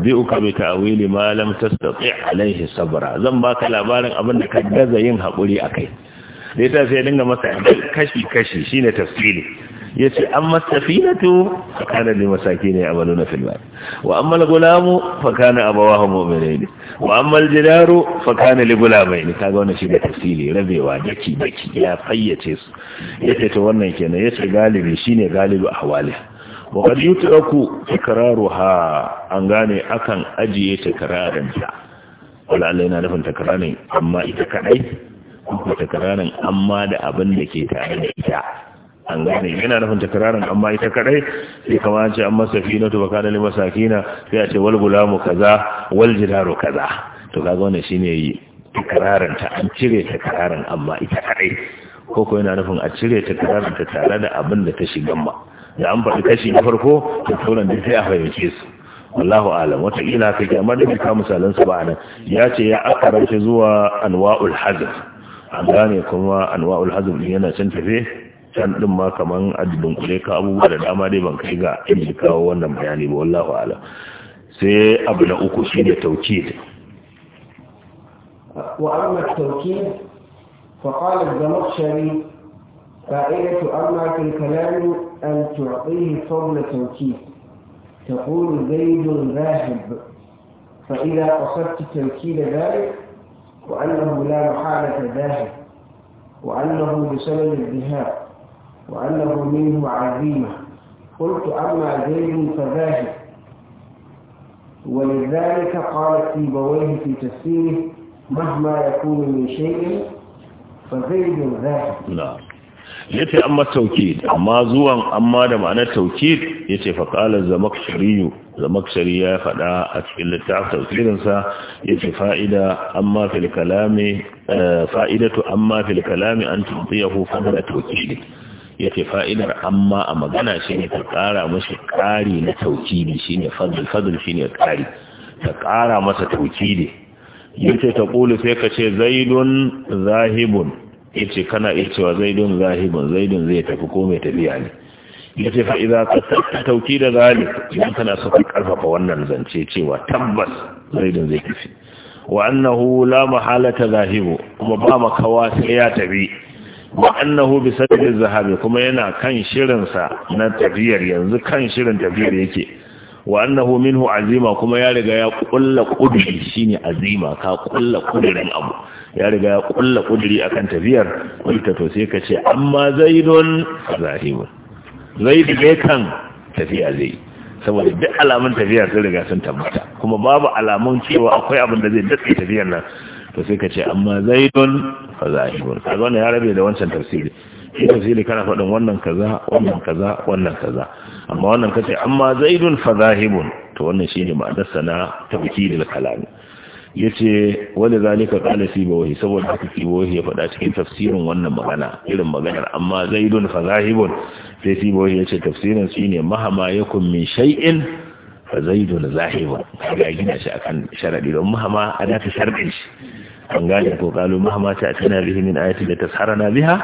biyu ka bi ta'wili ma lam tastati' alayhi sabra zan ba ka labarin abin da ka gaza yin haƙuri kai kai. ta sai dinga masa kashi kashi shine tafsili yace amma safinatu kana masaki ne yamaluna fil bahr wa amma al gulamu fa kana abawahu mu'minain wa amma al jidaru fa kana li gulamain kaga wannan da tafsiri rabewa daki daki ya fayyace su yace to wannan kenan yace galibi shine a hawali wa qad yutraku ikraruha an gane akan ajiye takrarin ta wala Allah yana nufin takrarin amma ita kadai ko takrarin amma da abin da ke tare da ita an gane yana nufin takrarin amma ita kadai sai kamar an ce an masafina to baka da limasakina sai a ce wal gulamu kaza wal jidaru kaza to kaga wannan shine yi takrarin ta an cire takrarin amma ita kadai ko ko yana nufin a cire takrarin ta tare da abin da ta shiga ma da an faɗi kashi na farko to sauran da sai a fahimce su wallahu alam wata ila kake amma da ka misalan su ba nan ya ce ya akarace zuwa anwa'ul hazf an gane kuma anwa'ul hazf yana cin tafe can din ma kaman adadin kure ka abubuwa da dama dai ban kai ga inda kawo wannan bayani ba wallahu ala sai abu na uku shine tawkid wa amma tawkid fa qala az-zamakhshari fa'idatu amma fil kalam an tu'tihi fadl tawkid تقول زيد ذاهب فإذا قصدت تنكيل ذلك وأنه لا محالة ذاهب وأنه بسبب الذهاب وأنه منه عزيمة قلت أما زيد فذاهب ولذلك قال سيبويه في تفسيره مهما يكون من شيء فزيد ذاهب نعم yace amma taukid amma zuwan amma da ma'anar taukid yace fa qala zamakshari zamakshari ya fada a cikin littafin tafsirin sa yace fa'ida amma fil kalami fa'idatu amma fil kalami an tudiyahu fa da taukid ya ce fa'idar amma a magana shi ne ta ƙara mashi ƙari na taukidi shi ne fadil shi ne ƙari ta ƙara masa taukidi ya ce ta ƙulu sai ka ce zaidun zahibun ya ce kana iya cewa zaidun zahibun zaidun zai tafi ko mai tafiya ne ya ce fa'iza ta tauki da zalik idan kana so ka ƙarfafa wannan zance cewa tabbas zaidun zai tafi wa annahu la mahalata zahibu kuma ba makawa sai ya tafi wa annahu bi sabili zahabi kuma yana kan shirinsa na tafiyar yanzu kan shirin tafiyar yake wa annahu minhu azima kuma ya riga ya kulla kudiri shine azima ka kulla kudirin abu ya riga ya kulla kudiri akan tafiyar wanda to sai ka ce amma zaidun zahibu zaid bai kan tafiya zai saboda duk alamun tafiyar sun riga sun tabbata kuma babu alamun cewa akwai abin da zai dace tafiyar nan to sai ka ce amma zaidun fa zahirun kaga wannan ya rabe da wancan tafsiri shi tafsiri kana faɗin wannan kaza wannan kaza wannan kaza amma wannan kace amma zaidun fa zahibun to wannan shine ma'anar sana tafkiril kalam yace wani zalika qala wahi saboda haka wahi ya faɗa cikin tafsirin wannan magana irin maganar amma zaidun fa zahibun sai ya yace tafsirin shine mahama ya min shay'in fa zaidun zahibun kaga gina shi akan sharadi don mahama adata sharadin shi an gane ko kalu mahama ta tana bihi min ayati da tasharana biha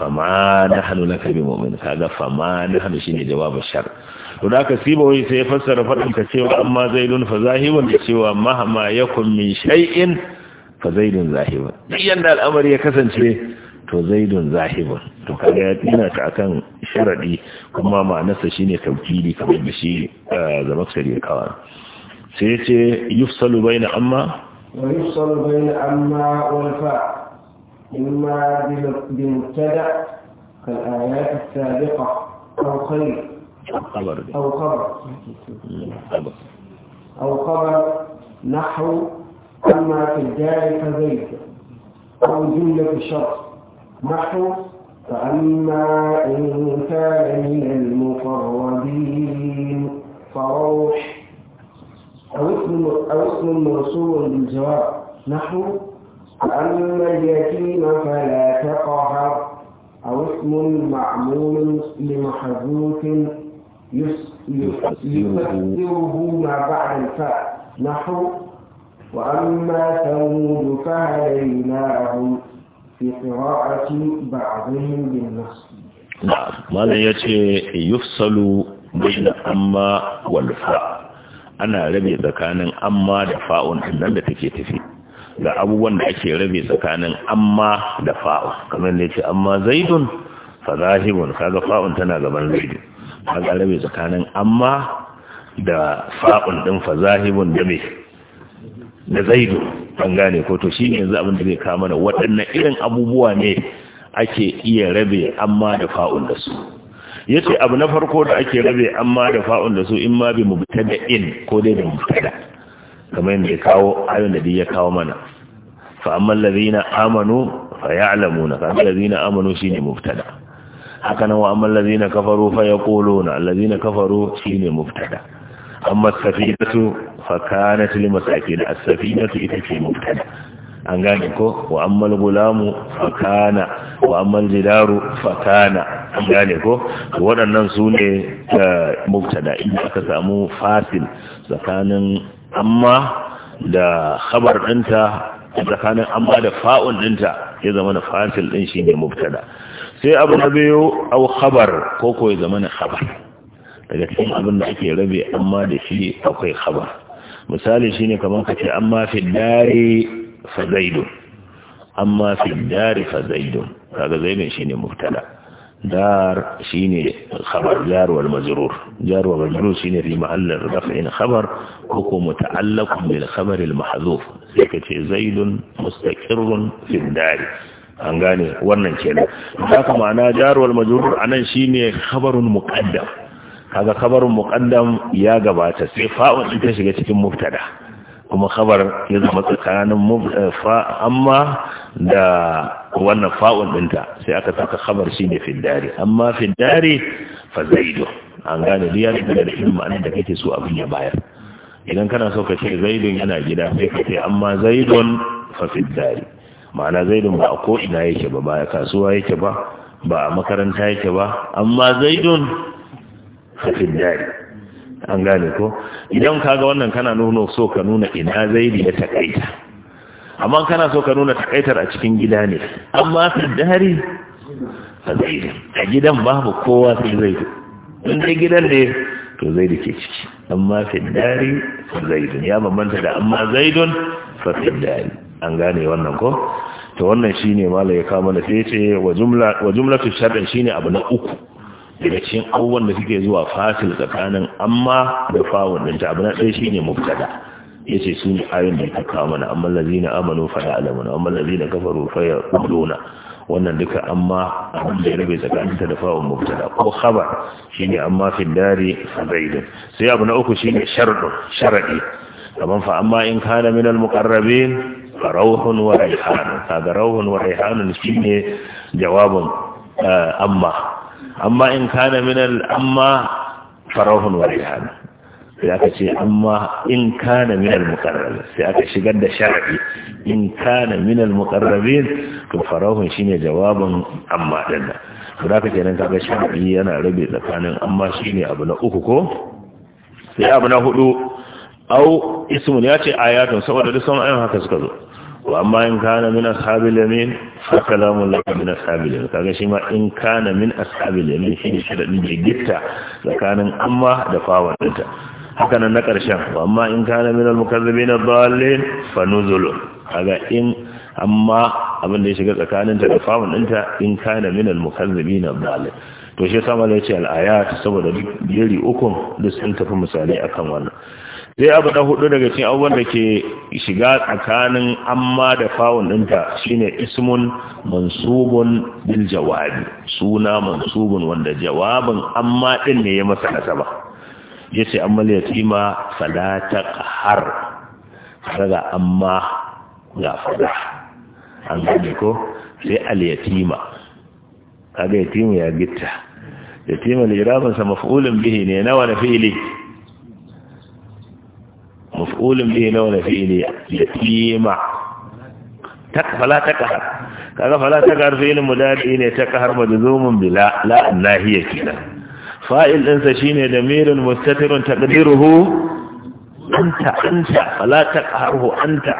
fama nahnu laka bi mu'min kaga fama nahnu shine jawabin shar to da ka siba wai sai fassara fadin ka cewa amma zaidun fa zahibun da cewa mahama yakun min shay'in fa zaidun zahibun duk yanda al'amari ya kasance to zaidun zahibun to kaga ya tina ta akan sharadi kuma ma'anarsa shine tawkili kamar da shi eh, zamaksari ya sai ce yufsalu baina amma ويفصل بين أما والفاء إما بمبتدأ كالآيات السابقة أو خير خبر أو خبر أو خبر نحو أما في الدار فزيد أو جملة شرط نحو فأما إن كان من المقربين فروح أو اسم أو اسم موصول بالجواب نحو أما اليتيم فلا تقهر أو اسم معمول لمحذوف يفسره ما بعد الفاء نحو وأما ثمود فهديناهم في قراءة بعضهم بالنص نعم ماذا يتي يفصل بين أما والفاء ana rabe tsakanin amma da fa'un nan da take tafi ga abubuwan da ake rabe tsakanin amma da fa'u, kamar ne ce amma zaidun fa zahibun kaga fa'un tana gaban zaidun kaga rabe tsakanin amma da fa'un din fa zahibun da me da zaidun an gane ko to shi yanzu abin da zai kama da waɗannan irin abubuwa ne ake iya rabe amma da fa'un da su yace abu na farko da ake rabe amma da fa'un da su in ma bi mubtada'in ko dai da mubtada kamar yadda ya kawo ayon da ya kawo mana fa amma allazina amanu fa ya'lamuna fa allazina amanu shine mubtada haka nan wa amma allazina kafaru fa yaquluna allazina kafaru shine mubtada amma safinatu fa kanat lil masakin as-safinatu ita ce mubtada an gane ko wa ammal gulamu fakana wa ammal jidaru fakana an gane ko waɗannan su ne eh, mubtada inda aka samu fasil tsakanin amma da khabar ɗinta tsakanin amma da fa'un ɗinta ya zama na fasil ɗin shi ne mubtada sai abu na biyu au khabar ko ko ya zama na khabar daga cikin abin da ake rabe amma da shi akwai khabar misali shine kamar kace amma fi dari fa zaidun amma fi dari fa zaidun kaga zaidun shine mubtada dar shine khabar jar wal majrur jar wal majrur shine fi mahall raf'in khabar ko muta'allaq bil khabar al mahdhuf sai kace zaidun mustaqirrun fi dari an gane wannan kenan haka ma'ana jar wal majrur anan shine khabarun muqaddam kaga khabarun muqaddam ya gabata sai fa'un ta shiga cikin mubtada kuma khabar ya zama tsakanin eh, fa amma da wannan fa'un dinta sai aka saka khabar shine fiddari amma fiddari fa zaidu an gane riya da shi ma'anar da kake so abin ya bayar idan kana so ka ce zaidun yana gida sai ka ce amma zaidun fa fiddari ma'ana zaidun ba a ko ina yake ba ba kasuwa yake ba ba a makaranta yake ba amma zaidun fa fiddari an gane ko idan kaga wannan kana nuna so ka nuna ina zaidi ya takaita amma kana so ka nuna takaitar a cikin gida ne amma sai dari a zaidi a gidan babu kowa sai zaidi in dai gidan ne to zaidi ke ciki amma fi dari fa zaidun ya bambanta da amma zaidun fa fi dari an gane wannan ko to wannan shine malai ya kawo mana sai ce wa jumla wa jumlatu shar'in shine abu na uku daga cikin abubuwan da suke zuwa fasil tsakanin amma da fawon din ta abu na ɗaya shine mubtada ce su ne ayoyin da ta kawo mana amma lazina amanu fa ya'lamuna amma na kafa rufaya yaquluna wannan duka amma abin da ya rabe tsakanin ta da fawon mubtada ko khabar shine amma fi dari sabaidin sai abu na uku shine sharɗu sharadi kamar fa amma in kana min al muqarrabin fa rauhun wa rayhanun kaga rauhun wa rayhanun shine jawabun eh, amma amma in kana min amma farahun wa rihana sai aka ce amma in kana min al-muqarrabin sai aka shigar da shar'i in kana min al-muqarrabin to farahun shine jawabin amma din nan to da kake nan kaga shar'i yana rabe tsakanin amma shine abu na uku ko sai abu na hudu au ismun ya ce ayatun saboda duk sauran ayyukan haka suka zo wa amma in kana min ashabil yamin fa kalamun laka min ashabil yamin kaga shi ma in kana min ashabil yamin shi ne sharadin jigitta tsakanin amma da fawar dinta haka nan na karshen wa amma in kana min al mukazzibin ad-dallin fa nuzul kaga in amma abin da ya shiga tsakanin ta da fawar dinta in kana min al mukazzibin ad-dallin to shi sama ne ce al ayat saboda jeri ukun da sun tafi misali akan wannan sai abu na hudu daga cikin abubuwan da ke shiga tsakanin amma da fawon ɗinta shine ismun mansubun bil jawabi suna mansubun wanda jawabin amma ɗin ne ya masa nasaba ya ce amma ya tima falata har daga amma ga fada an gani ko sai al kaga yatima ya gitta yatima lirabansa maf'ulun bihi ne nawa na fili? maf'ulun bihi laula fi'li yatima tak fala takahar kaga fala takahar fi'lin mudari ne takahar majzumun bila la nahiya kina fa'il ɗinsa shi ne da mirin mustatirun taqdiruhu anta anta fala takaharhu anta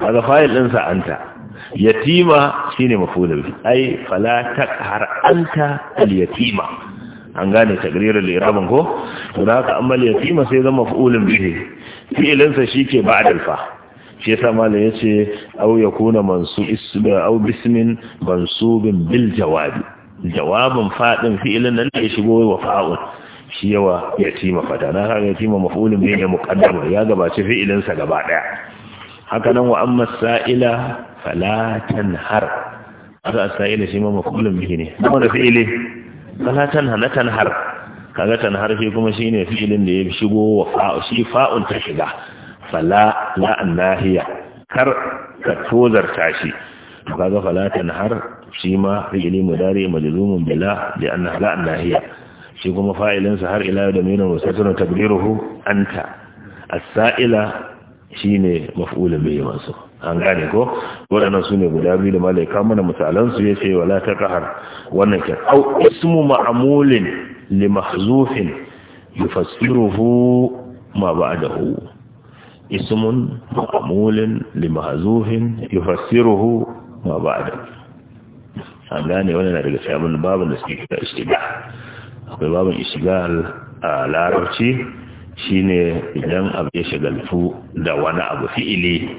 kaga fa'il ɗinsa anta yatima shi shine maf'ulun bihi ai fala takahar anta al yatima an gane taqdirul irabin ko to haka amma al yatima sai zama maf'ulun bihe. fi'ilinsa shi ke ba adalfa shi ya yasa malam yace au ya kuna mansu isba au bismin mansubin bil jawabi jawabin fadin filin nan da ya shigo wa fa'ul shi yawa ya yatima fata na haka yatima maf'ulun mafulin muqaddama ya gabace fi'ilin gaba daya haka nan wa amma sa'ila falatan har aka sa'ila shi ma mafulin bihi ne kuma da fi'ili na tan har. kaga tan harfi kuma shine fi'ilin da ya shigo wa sifa'un shi fa'un ta shiga fala la annahiya kar ka tozarta shi kaga fala tan har shi ma fi'ili mudari majzumun bila li anna la annahiya shi kuma fa'ilin sa har ila da mina mustatana tabdiruhu anta as-sa'ila shine maf'ulun bihi mansub an gane ko waɗannan sune ne guda biyu da malaika mana misalan su yace wala taqhar wannan ke au ismu ma'mulin limahzufin yufassiruhu ma ba'dahu ismun maqmulin limahzufin yufassiruhu ma ba'dahu an gane wannan daga cikin babin da suke da shiga a larabci shine idan abu ya shagaltu da wani abu fi'ili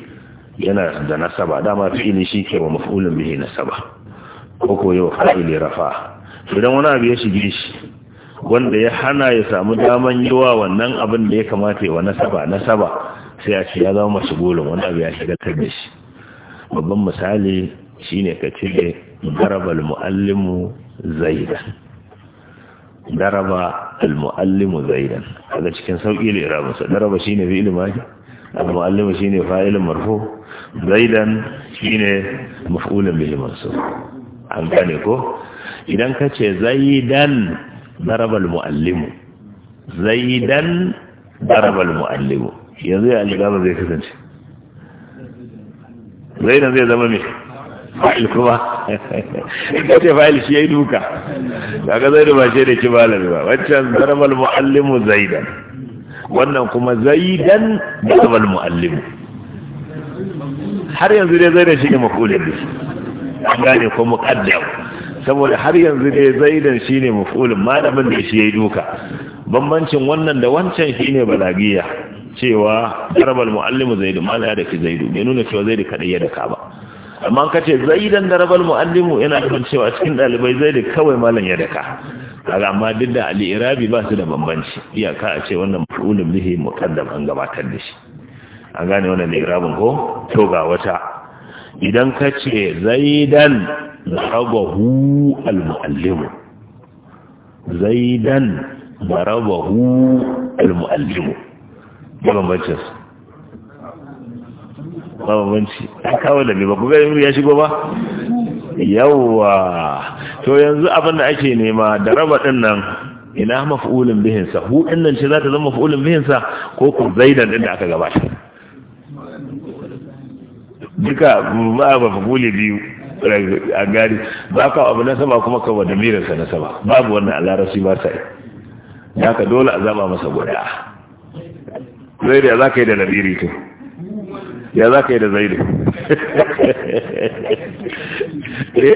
yana da nasaba dama fi'ili shi ke wa maf'ulun bihi nasaba ko koyo yau fa'ili rafa idan wani abu ya shige shi wanda ya hana ya samu daman yi wa wannan abin da ya kamata ya wa nasaba nasaba sai a ce ya zama masu golin wani abu ya shiga ta da shi babban misali shine ka cire darabal mu'allimu zaidan daraba al-mu'allimu zaidan Daga cikin sauki da rabinsa daraba shine ne fi al-mu'allimu shine fa'ilun marfu zaidan shine maf'ulun bihi bilimansu an gane ko idan ka ce zaidan darabal mu'allimu zaidan darabal mu'allimu yanzu ya aligama zai kasance zaidan zai zama mai fa'il kuma ita ce fa'il shi ya yi duka daga zaidu ba ce da ki malami ba wancan darabal mu'allimu zaidan wannan kuma zaidan darabal mu'allimu har yanzu dai shi ne da shi an gane ko saboda har yanzu dai zaidan shine maf'ulun malamin da shi ya yi duka bambancin wannan da wancan shine balagiya cewa darabal muallimu zaidu mala ya daki zaidu bai nuna cewa zaidu kaɗai ya daka ba amma kace zaidan darabar muallimu yana nufin cewa cikin ɗalibai zaidu kawai malam ya daka kaga amma duk da ali irabi ba su da bambanci iyaka a ce wannan maf'ulun bihi muqaddam an gabatar da shi an gane wannan irabin ko to ga wata idan kace zaidan ضربه المعلم زيدا ضربه المعلم yawan bancin su ba banci an kawo da ba ku ga ya shigo ba yawa to yanzu abin da ake nema da raba din nan ina maf'ulin bihin sa hu din nan ce za ta zama maf'ulin bihin sa ko ku zaidan din da aka gabata duka ba ba maf'uli biyu a gari ba ka abu na sama kuma ka wa mirarsa na sama babu wannan a ba sai yi ka dole a zaba masa guda zai da za ka yi da lamiri to ya za ka yi da da eh?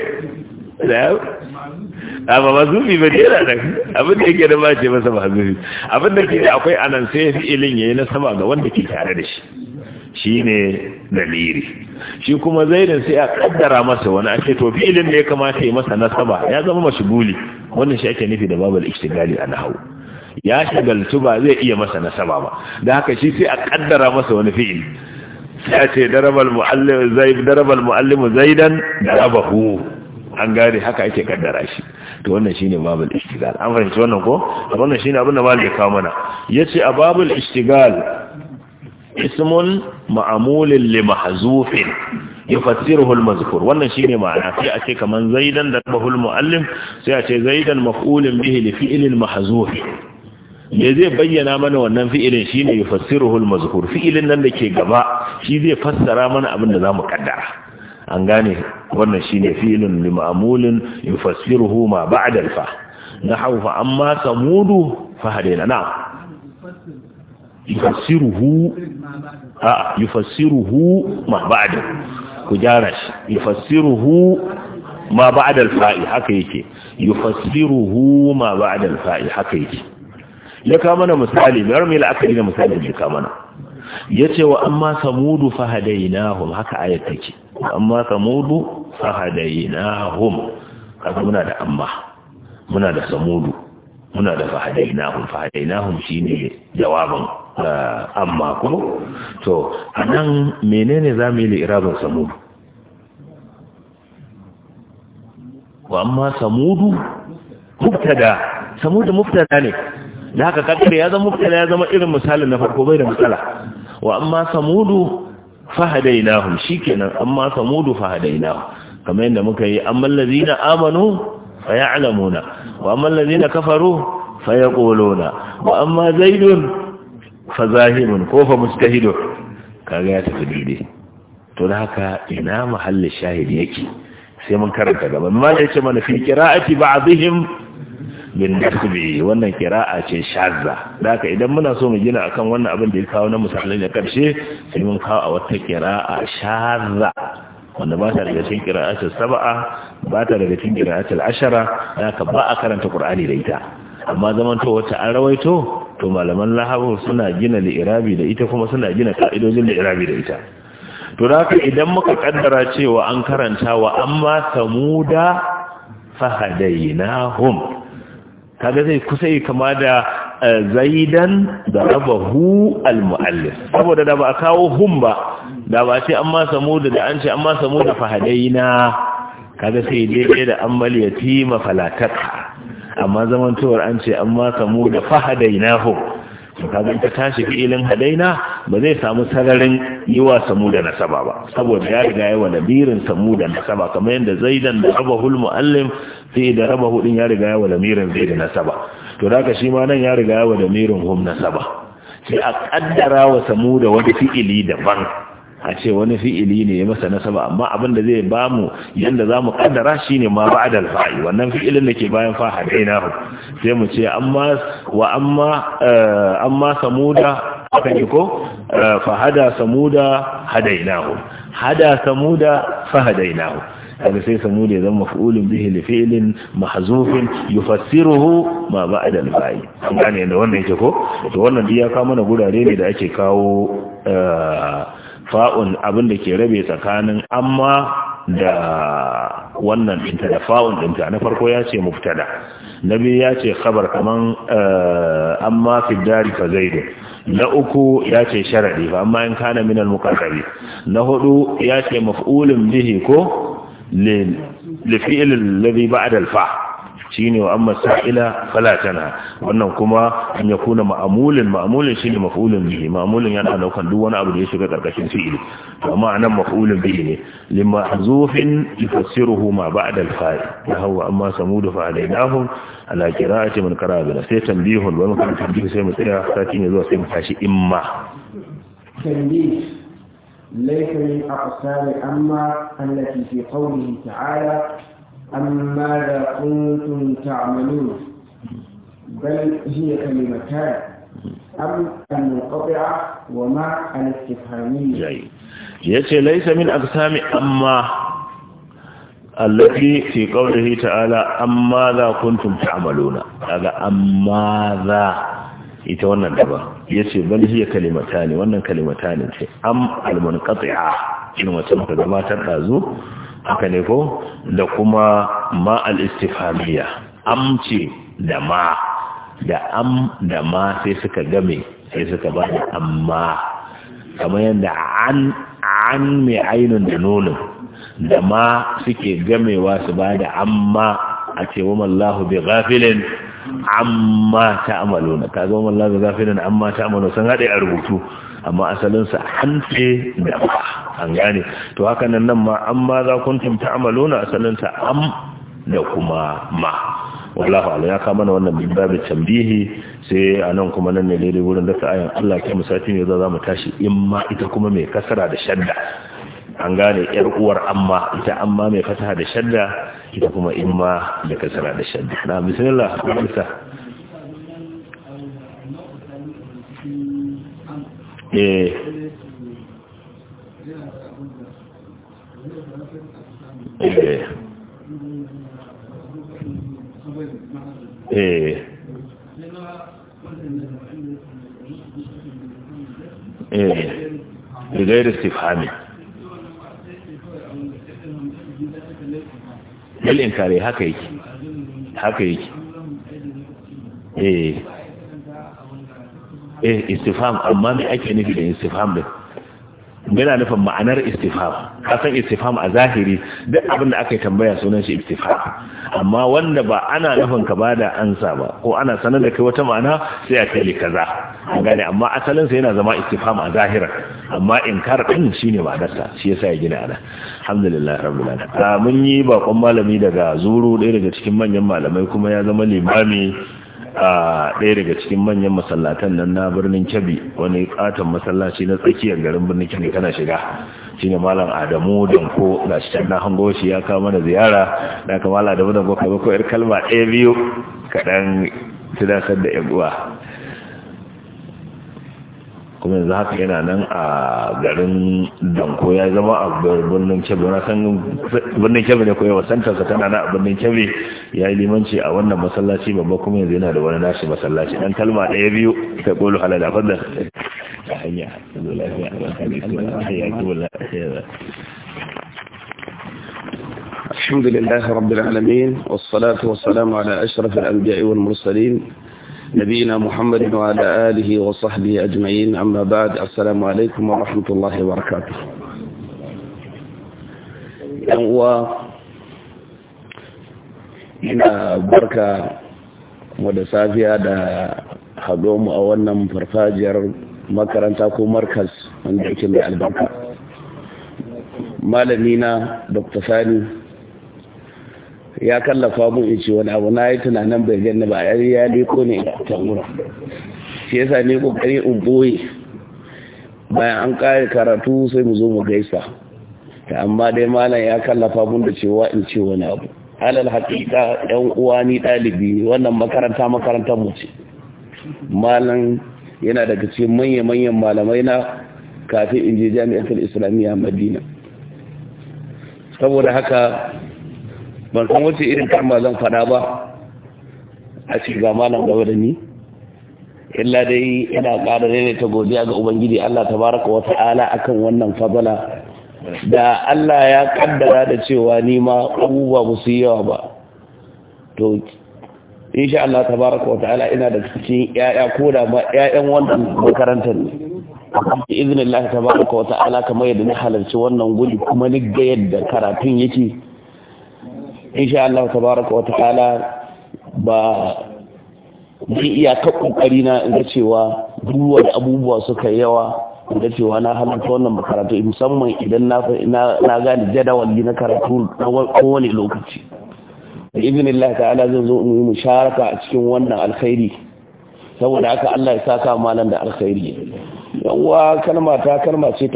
a ah, ba zubi ba jera nan abin da yake da ba ce masa mazubi abin da ke akwai anan sai ya fi ilin yayi na sama ga wanda ke tare da shi shi ne. daliri shi kuma zaidin sai a kaddara masa wani ake to filin da ya kamata ya masa nasaba ya zama mashiguli. wannan shi ake nufi da babal ishtigali a nahawu ya shagaltu ba zai iya masa nasaba ba da haka shi sai a kaddara masa wani fi'il sai ce darabal muallim zaid darabal muallim zaidan darabahu an gane haka ake kaddara shi to wannan shine babul ishtigal an fahimci wannan ko wannan shine abin da malik ya kawo mana yace a babul ishtigal ismun ma'amulin li mahzufin yufassiruhu al wannan shine ma'ana sai a ce kaman zaidan da bahul muallim sai a ce zaidan maf'ulun bihi li fi'lin mahzuf me zai bayyana mana wannan fi'ilin shine yufassiruhu al fi'ilin nan da ke gaba shi zai fassara mana abin da zamu kaddara an gane wannan shine fi'lun li ma'mulin yufassiruhu ma ba'da al-fa fa amma samudu fa na na'am yufassiruhu a yufassiruhu ma ba'da ku gyara shi yufassiruhu ma ba'da al-fa'i haka yake yufassiruhu ma ba'da al-fa'i haka yake ya kama mana misali bar mai la'akari da misalin da ka mana yace wa amma samudu fahadainahum haka ayat take amma samudu fahadainahum kaga muna da amma muna da samudu muna da fahadainahum fahadainahum shine jawabin Eh, amma ko to anan menene zamu yi irabin samud wa amma samudu mubtada samudu mubtada ne da haka kaddara ya zama mubtada ya zama irin misalin na farko bai da matsala wa amma samudu fahadainahum shikenan amma samudu fahadainahum kamar yadda muka yi amma allazina amanu ya'lamuna wa amma allazina kafaru yaquluna wa amma zaidun fa zahimun ko fa mustahidu kaga ya tafi daidai to da haka ina mahallin shahid yake sai mun karanta gaba ma ya ce mana fi qira'ati ba'dihim min nasbi wannan qira'a ce shazza da haka idan muna so mu gina akan wannan abin da ya kawo na misalai da karshe sai mun kawo a wata qira'a shazza wanda ba ta daga cikin qira'atul sab'a ba ta daga cikin qira'atul ashara da haka ba a karanta qur'ani da ita amma zaman to wata an rawaito to malaman lahabu suna gina li'irabi da ita kuma suna gina ka'idojin li'irabi da ita to da haka idan muka kaddara cewa an karanta wa amma samuda fahadainahum kaga zai kusai kama da eh, zaidan da rabahu al saboda da ba a kawo hum ba da ba ce amma samuda da an ce amma samuda fahadaina kaga sai dai da ambaliyati yatima amma zamantowar an ce an maka mu da fahadaina ho to kaga ita tashi fi'ilin hadaina ba zai samu sararin yi wa samu da nasaba ba saboda ya riga yawa da birin samu da nasaba kamar yadda zaidan da raba hul muallim sai da raba hudun ya riga yawa da mirin zai da nasaba to da shi ma nan ya riga yawa da mirin hum nasaba sai a kaddara wa samu da wani fi'ili daban a ce wani fi'ili ne ya masa nasaba amma abin da zai ba mu yanda za mu kaddara shine ma ba al-fa'i wannan fi'ilin da ke bayan fa hu sai mu ce amma wa amma eh, amma samuda aka yi ko eh, fa hada samuda hu hada samuda fa hu kaga sai samuda da zama maf'ulun bihi li fi'lin mahzufin yufassiruhu ma ba al-fa'i an gane da wannan yake ko to wannan duk ya kawo mana gurare ne da ake kawo eh, fa'un abin da ke rabe tsakanin amma da wannan ɗinta da fa'un ɗinta na farko ya ce muftada na biyu ya ce khabar kaman eh, amma fi dari fa zaidu na uku ya ce sharaɗi fa amma in kana minal muqarrabi na hudu ya ce maf'ulun bihi ko li fi'l alladhi ba'da fa Shi ne wa amma sa'ila fala tanha wannan kuma an ya kuna ma'amulin ma'amulin shi ne mafulin bihi ma'amulin yana daukan duk wani abu da ya shiga karkashin fi'ili to amma anan mafulin bihi ne limma azufin yufassiruhu ma ba'da al-fa'i nahu amma samud fa a ce mun min qara'ina sai tanbihun wal mukarrar sai mu tsaya sati ne zuwa sai mu tashi imma tanbih ليس من أقسام أما التي ke قوله تعالى عما كنتم تعملون بل هي كلمتان أم المنقطعة وما الاستفهامية يأتي ليس من أقسام أما التي في قوله تعالى أما ذا كنتم تعملون هذا أما ذا ita wannan daban yace bal hiya kalimatani wannan kalimatani ce am al munqati'a in wacce muka gabatar da zu haka ne ko da kuma ma al-istifhamiya amce da ma da am da ma sai suka game sai suka ba da amma kamar yadda an an mai ainihin da nonin da ma suke gamewa su ba da amma a ce wa mallahu bi ghafilin amma ta'maluna ta zama mallahu bi ghafilin amma ta'maluna sun hade a rubutu amma asalin sa hanfe da ba an gane to haka nan nan ma amma za kuntum ta'maluna asalinta am da kuma ma wallahu ala ya kama wannan babin tambihi sai anan kuma nan ne daidai wurin da ayan Allah ke musati ne za mu tashi in ma ita kuma mai kasara da shadda an gane yar uwar amma ita amma mai fataha da shadda ita kuma in ma da kasara da shadda na bismillah bisa eh eh eh rigaira eh. stifhami lil inkari haka yake eh. Eh, amma me ake nufi da istifham yana nufin ma'anar istifam kasan istifam a zahiri duk abin da aka yi tambaya sunan shi istifam amma wanda ba ana nufin ka ba da ansa ba ko ana sanar da kai wata ma'ana sai a kai kaza an gane amma asalinsa yana zama istifam a zahirar amma inkar din shine ma'anarsa shi yasa ya gina ana alhamdulillah rabbil alamin ah, mun yi bakon malami daga zuru ɗaya daga cikin manyan malamai kuma ya zama limami a ɗaya daga cikin manyan masallatan nan na birnin kebbi wani katon masallaci na tsakiyar garin birnin kebbi kana shiga shi ne malam adamu danko ga shi can na hango shi ya kawo mana ziyara da kamala malam adamu danko ka zo ko yar kalma ɗaya biyu kaɗan tudakar da yan uwa kuma yanzu haka yana nan a garin danko ya zama a birnin kebe na san birnin kebe ne ko yawa tana na a birnin kebe ya yi limanci a wannan masallaci babba kuma yanzu yana da wani nashi masallaci dan kalma ɗaya biyu ta kolo halala fadda ta hanya zo lafiya a bakari ya ji wala الحمد لله رب العالمين والصلاة والسلام على أشرف الأنبياء والمرسلين نبينا محمد وعلى آله وصحبه أجمعين أما بعد السلام عليكم ورحمة الله وبركاته yanwa ina barka da safiya da mu a wannan farfajiyar makaranta ko markas wanda yake mai albarka malamina dr sani ya kallafa mun in ce wani abu na yi tunanin bai ganni ba yari ya leko ne can wurin shi yasa ne kokari in boye bayan an kare karatu sai mu zo mu gaisa ta amma dai malam ya kallafa mun da cewa in ce wani abu alal haƙiƙa yan uwa ni ɗalibi wannan makaranta makarantar mu ce malam yana daga cikin manya-manyan malamai na kafin in je jami'atul islamiyya madina saboda haka ban san wace irin karma zan faɗa ba a ce ga malam gaba da ni illa dai ina ƙara ne ta godiya ga ubangiji Allah tabaraka wa ta'ala akan wannan fadala da Allah ya kaddara da cewa ni ma abubuwa ba su yawa ba to insha Allah tabaraka wa ta'ala ina da cikin ƴaƴa ko da ma ƴaƴan wannan makarantar ne bi iznillahi tabaraka ta'ala kamar yadda na halarci wannan guri kuma ni ga yadda karatun yake insha Allah tabaraka wa ta'ala ba zai iya ta kokari na ga cewa duwa da abubuwa suka yawa da cewa na halarta wannan makaratu musamman idan na gani jadawali na karatu na kowane lokaci da izinin Allah ta'ala zan zo in yi musharaka a cikin wannan alkhairi saboda haka Allah ya saka malam da alkhairi yawa uwa kalma ta kalma ce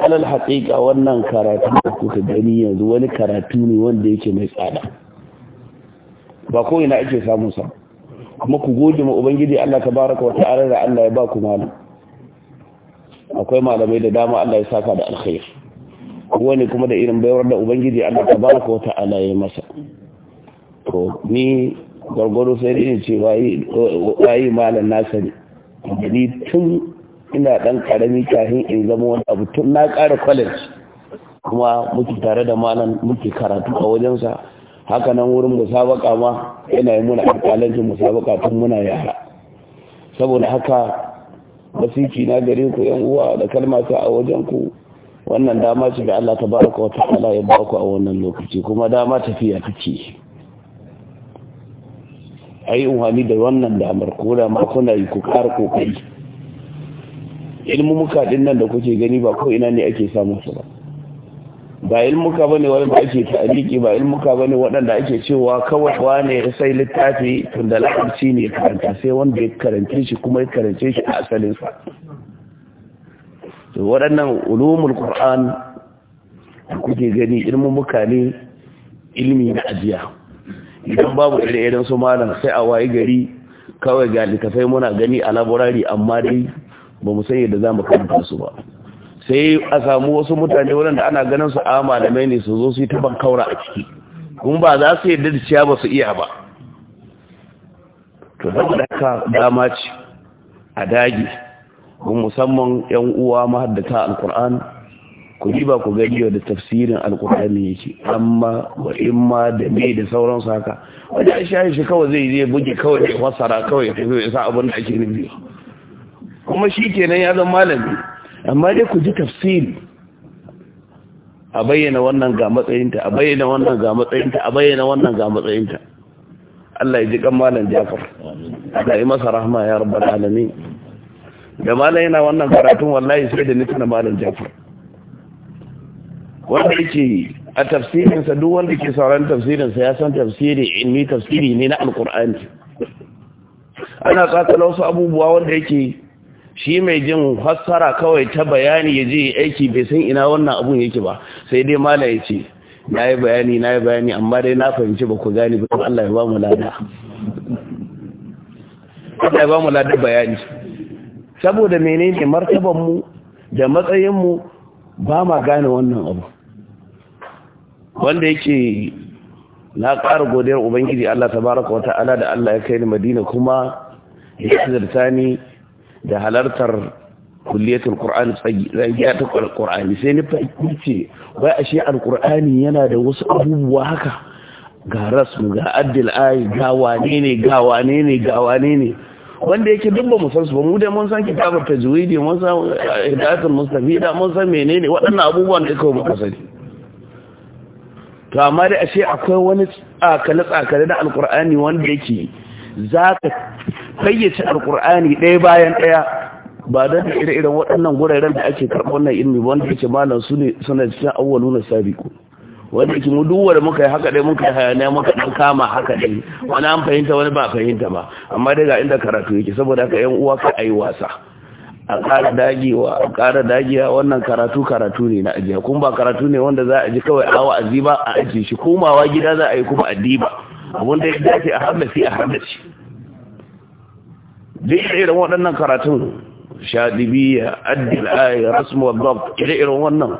alal haƙiƙa wannan karatu da kuka gani yanzu wani karatu ne wanda yake mai tsada ba ko ina ake samun sa kuma ku gode ma ubangiji Allah tabaraka wa ta'ala da Allah ya ba ku malam akwai malamai da dama Allah ya saka da alkhair wani kuma da irin bayar da ubangiji Allah tabaraka wa ta'ala ya masa to ni gwargwaro sai da ce cewa yi malam na sani ni tun ina dan karami kafin in zama wani abu tun na ƙara college kuma muke tare da malam muke karatu a wajensa haka nan wurin musabaka ma yana yi muna alƙalancin musabaka tun muna yara saboda haka basiki na gare ku yan uwa da kalma ta a wajen ku wannan dama ce da Allah ta baraka wa ta'ala ya ba ku a wannan lokaci kuma dama tafiya take ayi unhani da wannan damar ko da ma kuna yi ku kar kokari ilmumuka din nan da kuke gani ba ko ina ne ake samun su ba ba ilmuka bane wanda ba ake ta'aliki ba ilmuka bane waɗanda ake cewa kawai wane sai littafi tun da larabci ne karanta sai wanda ya karance shi kuma ya karance shi a asalinsa to waɗannan ulumul qur'an da kuke gani ilmumuka ne ilmi na ajiya idan babu irin iren su malam sai a wayi gari kawai ga littafai muna gani a laborari amma dai ba mu sai yadda za mu karanta su ba sai a samu wasu mutane waɗanda ana ganin su a ah, malamai ne su zo su yi taban kaura a ciki kuma ba za su yadda da ciya ba su iya ba to da haka dama ce a dagi, kuma musamman yan uwa mahaddata alkur'an ku ji ba ku gani da tafsirin alkur'ani yake amma wa imma da mai da sauransu haka wajen shayi shi kawai zai zai buge kawai ya fassara kawai ya tafi ya sa abin da ake nufi kuma shi kenan ya zama malami amma dai ku ji tafsiri a bayyana wannan ga matsayinta a bayyana wannan ga matsayinta a bayyana wannan ga matsayinta Allah ya ji kan malam Jafar Allah ya masa rahma ya rabbal alamin da malam yana wannan karatun wallahi sai da nufin malam Jafar wanda yake a tafsirinsa duk wanda ke sauran tafsirinsa ya san tafsiri Ni tafsiri ne na alkur'ani ana tsakala wasu abubuwa wanda yake shi mai jin fassara kawai ta bayani ya je aiki bai san ina wannan abun yake ba sai dai mala ya ce na yi bayani na yi bayani amma dai na fahimci ba ku gani ba Allah ya ba mu lada Allah ya ba mu lada bayani saboda menene martaban mu da matsayin mu ba ma gane wannan abu wanda yake na ƙara godiyar ubangiji Allah tabaraka wa ta'ala da Allah ya kai ni Madina kuma ya zarta ni da halartar kulliyatul qur'ani tsagiya ta qur'ani sai ni fahimce wai ashe alqur'ani yana da wasu abubuwa haka ga rasmu ga addil ay ga wane ne ga wane ne ga wane ne wanda yake duk ba mu san su ba mu dai mun san kitabul tajwid mun san eh, hidayatul mustafida mun san menene waɗannan abubuwan da kawai ba sani to amma dai ashe akwai wani tsakale tsakale da alqur'ani wanda yake zaka fayyace alkur'ani ɗaya bayan ɗaya ba don da ire-iren waɗannan guraren da ake karɓar wannan ilmi ba wanda ke malam su ne suna cikin awwalu na sabiku wanda yake mu duk muka yi haka ɗaya muka yi hayaniya muka ɗan kama haka ɗaya wani an fahimta wani ba fahimta ba amma dai ga inda karatu yake saboda haka yan uwa ka ayi wasa a ƙara dagewa a ƙara dagewa wannan karatu karatu ne na ajiya kuma ba karatu ne wanda za a ji kawai awa a ba a ajiye shi komawa gida za a yi kuma addiba abun da ya dace a haddace a haddace duk irin waɗannan karatun shadibiya addil ayi rasmu wadab irin wannan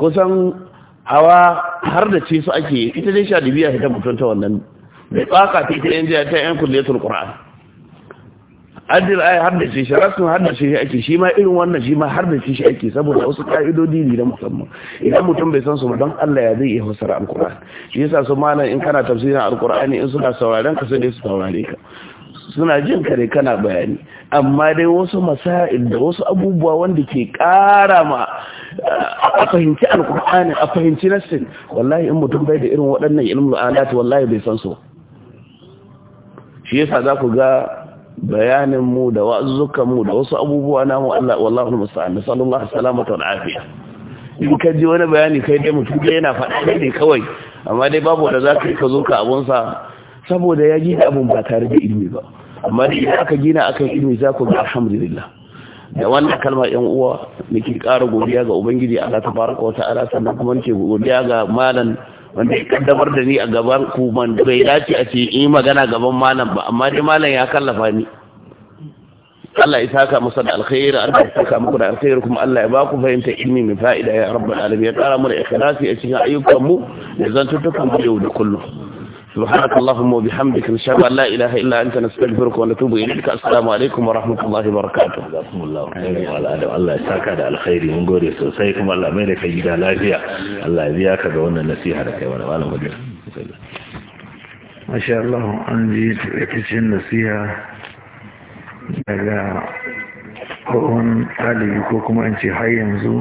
kusan hawa har da ce su ake ita dai shadibiya ta mutunta wannan da tsaka ta ita yan jiya ta yan kulliyatul qur'an addil ayi har da ce shi rasmu har da ce shi ake shi ma irin wannan shi ma har da ce shi ake saboda wasu ƙa'idodi ne na musamman idan mutum bai san su ba don Allah ya zai iya fassara alqur'ani shi yasa su malam in kana tafsirin alqur'ani in suna sauraren ka sai dai su saurare ka suna jin kare kana bayani amma dai wasu masa'il da wasu abubuwa wanda ke kara ma a fahimci alkur'ani a fahimci nassin wallahi in mutum bai da irin waɗannan ilmul alati wallahi bai san so shi yasa za ku ga bayanin mu da wa'azukan mu da wasu abubuwa namu Allah wallahi musta'an sallallahu alaihi wasallam wa afiya in ka ji wani bayani kai dai mutum yana faɗa ne kawai amma dai babu da za ka yi ka zo ka abunsa saboda ya gina abin ba tare da ilimi ba amma da idan aka gina akan ilimi za ku ga alhamdulillah da wannan kalma yan uwa nake ƙara godiya ga ubangiji Allah tabaraka wa ta'ala sannan kuma nake godiya ga malam wanda ya kaddamar da ni a gaban ku ban bai dace a ce in magana gaban malam ba amma dai malam ya kallafa ni Allah ya saka musa da alkhairi Allah ya saka muku da alkhairi kuma Allah ya ba ku fahimta ilmi mai fa'ida ya rabbal alamin ya kara mu da ikhlasi a cikin ayyukan da zantuttukan mu yau da kullum سبحانك اللهم وبحمدك نشهد أن لا إله إلا أنت نستغفرك ونتوب إليك السلام عليكم ورحمة الله وبركاته جزاكم الله خيرا وعلى آله الله يساك على الخير من غوري سوسي كما الله ميرك يجدا لافيا الله يبياك ga wannan nasiha da kai wani malam wajen masha Allah an ji rikicin nasiha daga kowane ɗalibi ko kuma an ce har yanzu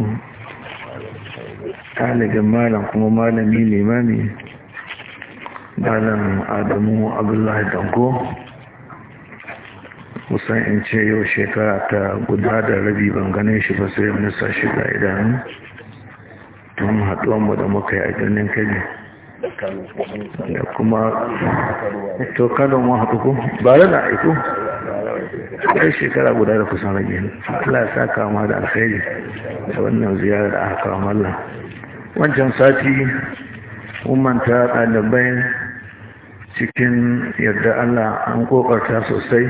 ɗalibin malam kuma malami limami malam adamu abdullahi dango kusan in ce yau shekara ta guda da rabi ban ganin shi ba sai minista ga idanu tun mu da muka yi a jirgin kebbi da kuma to kanon wa haɗu ko ba da na aiko kai shekara guda da kusan rage Allah ya sa kama da alkhairi da wannan ziyarar da aka kawo mallam wancan sati umman ta ɗalibai cikin yadda Allah an kokarta sosai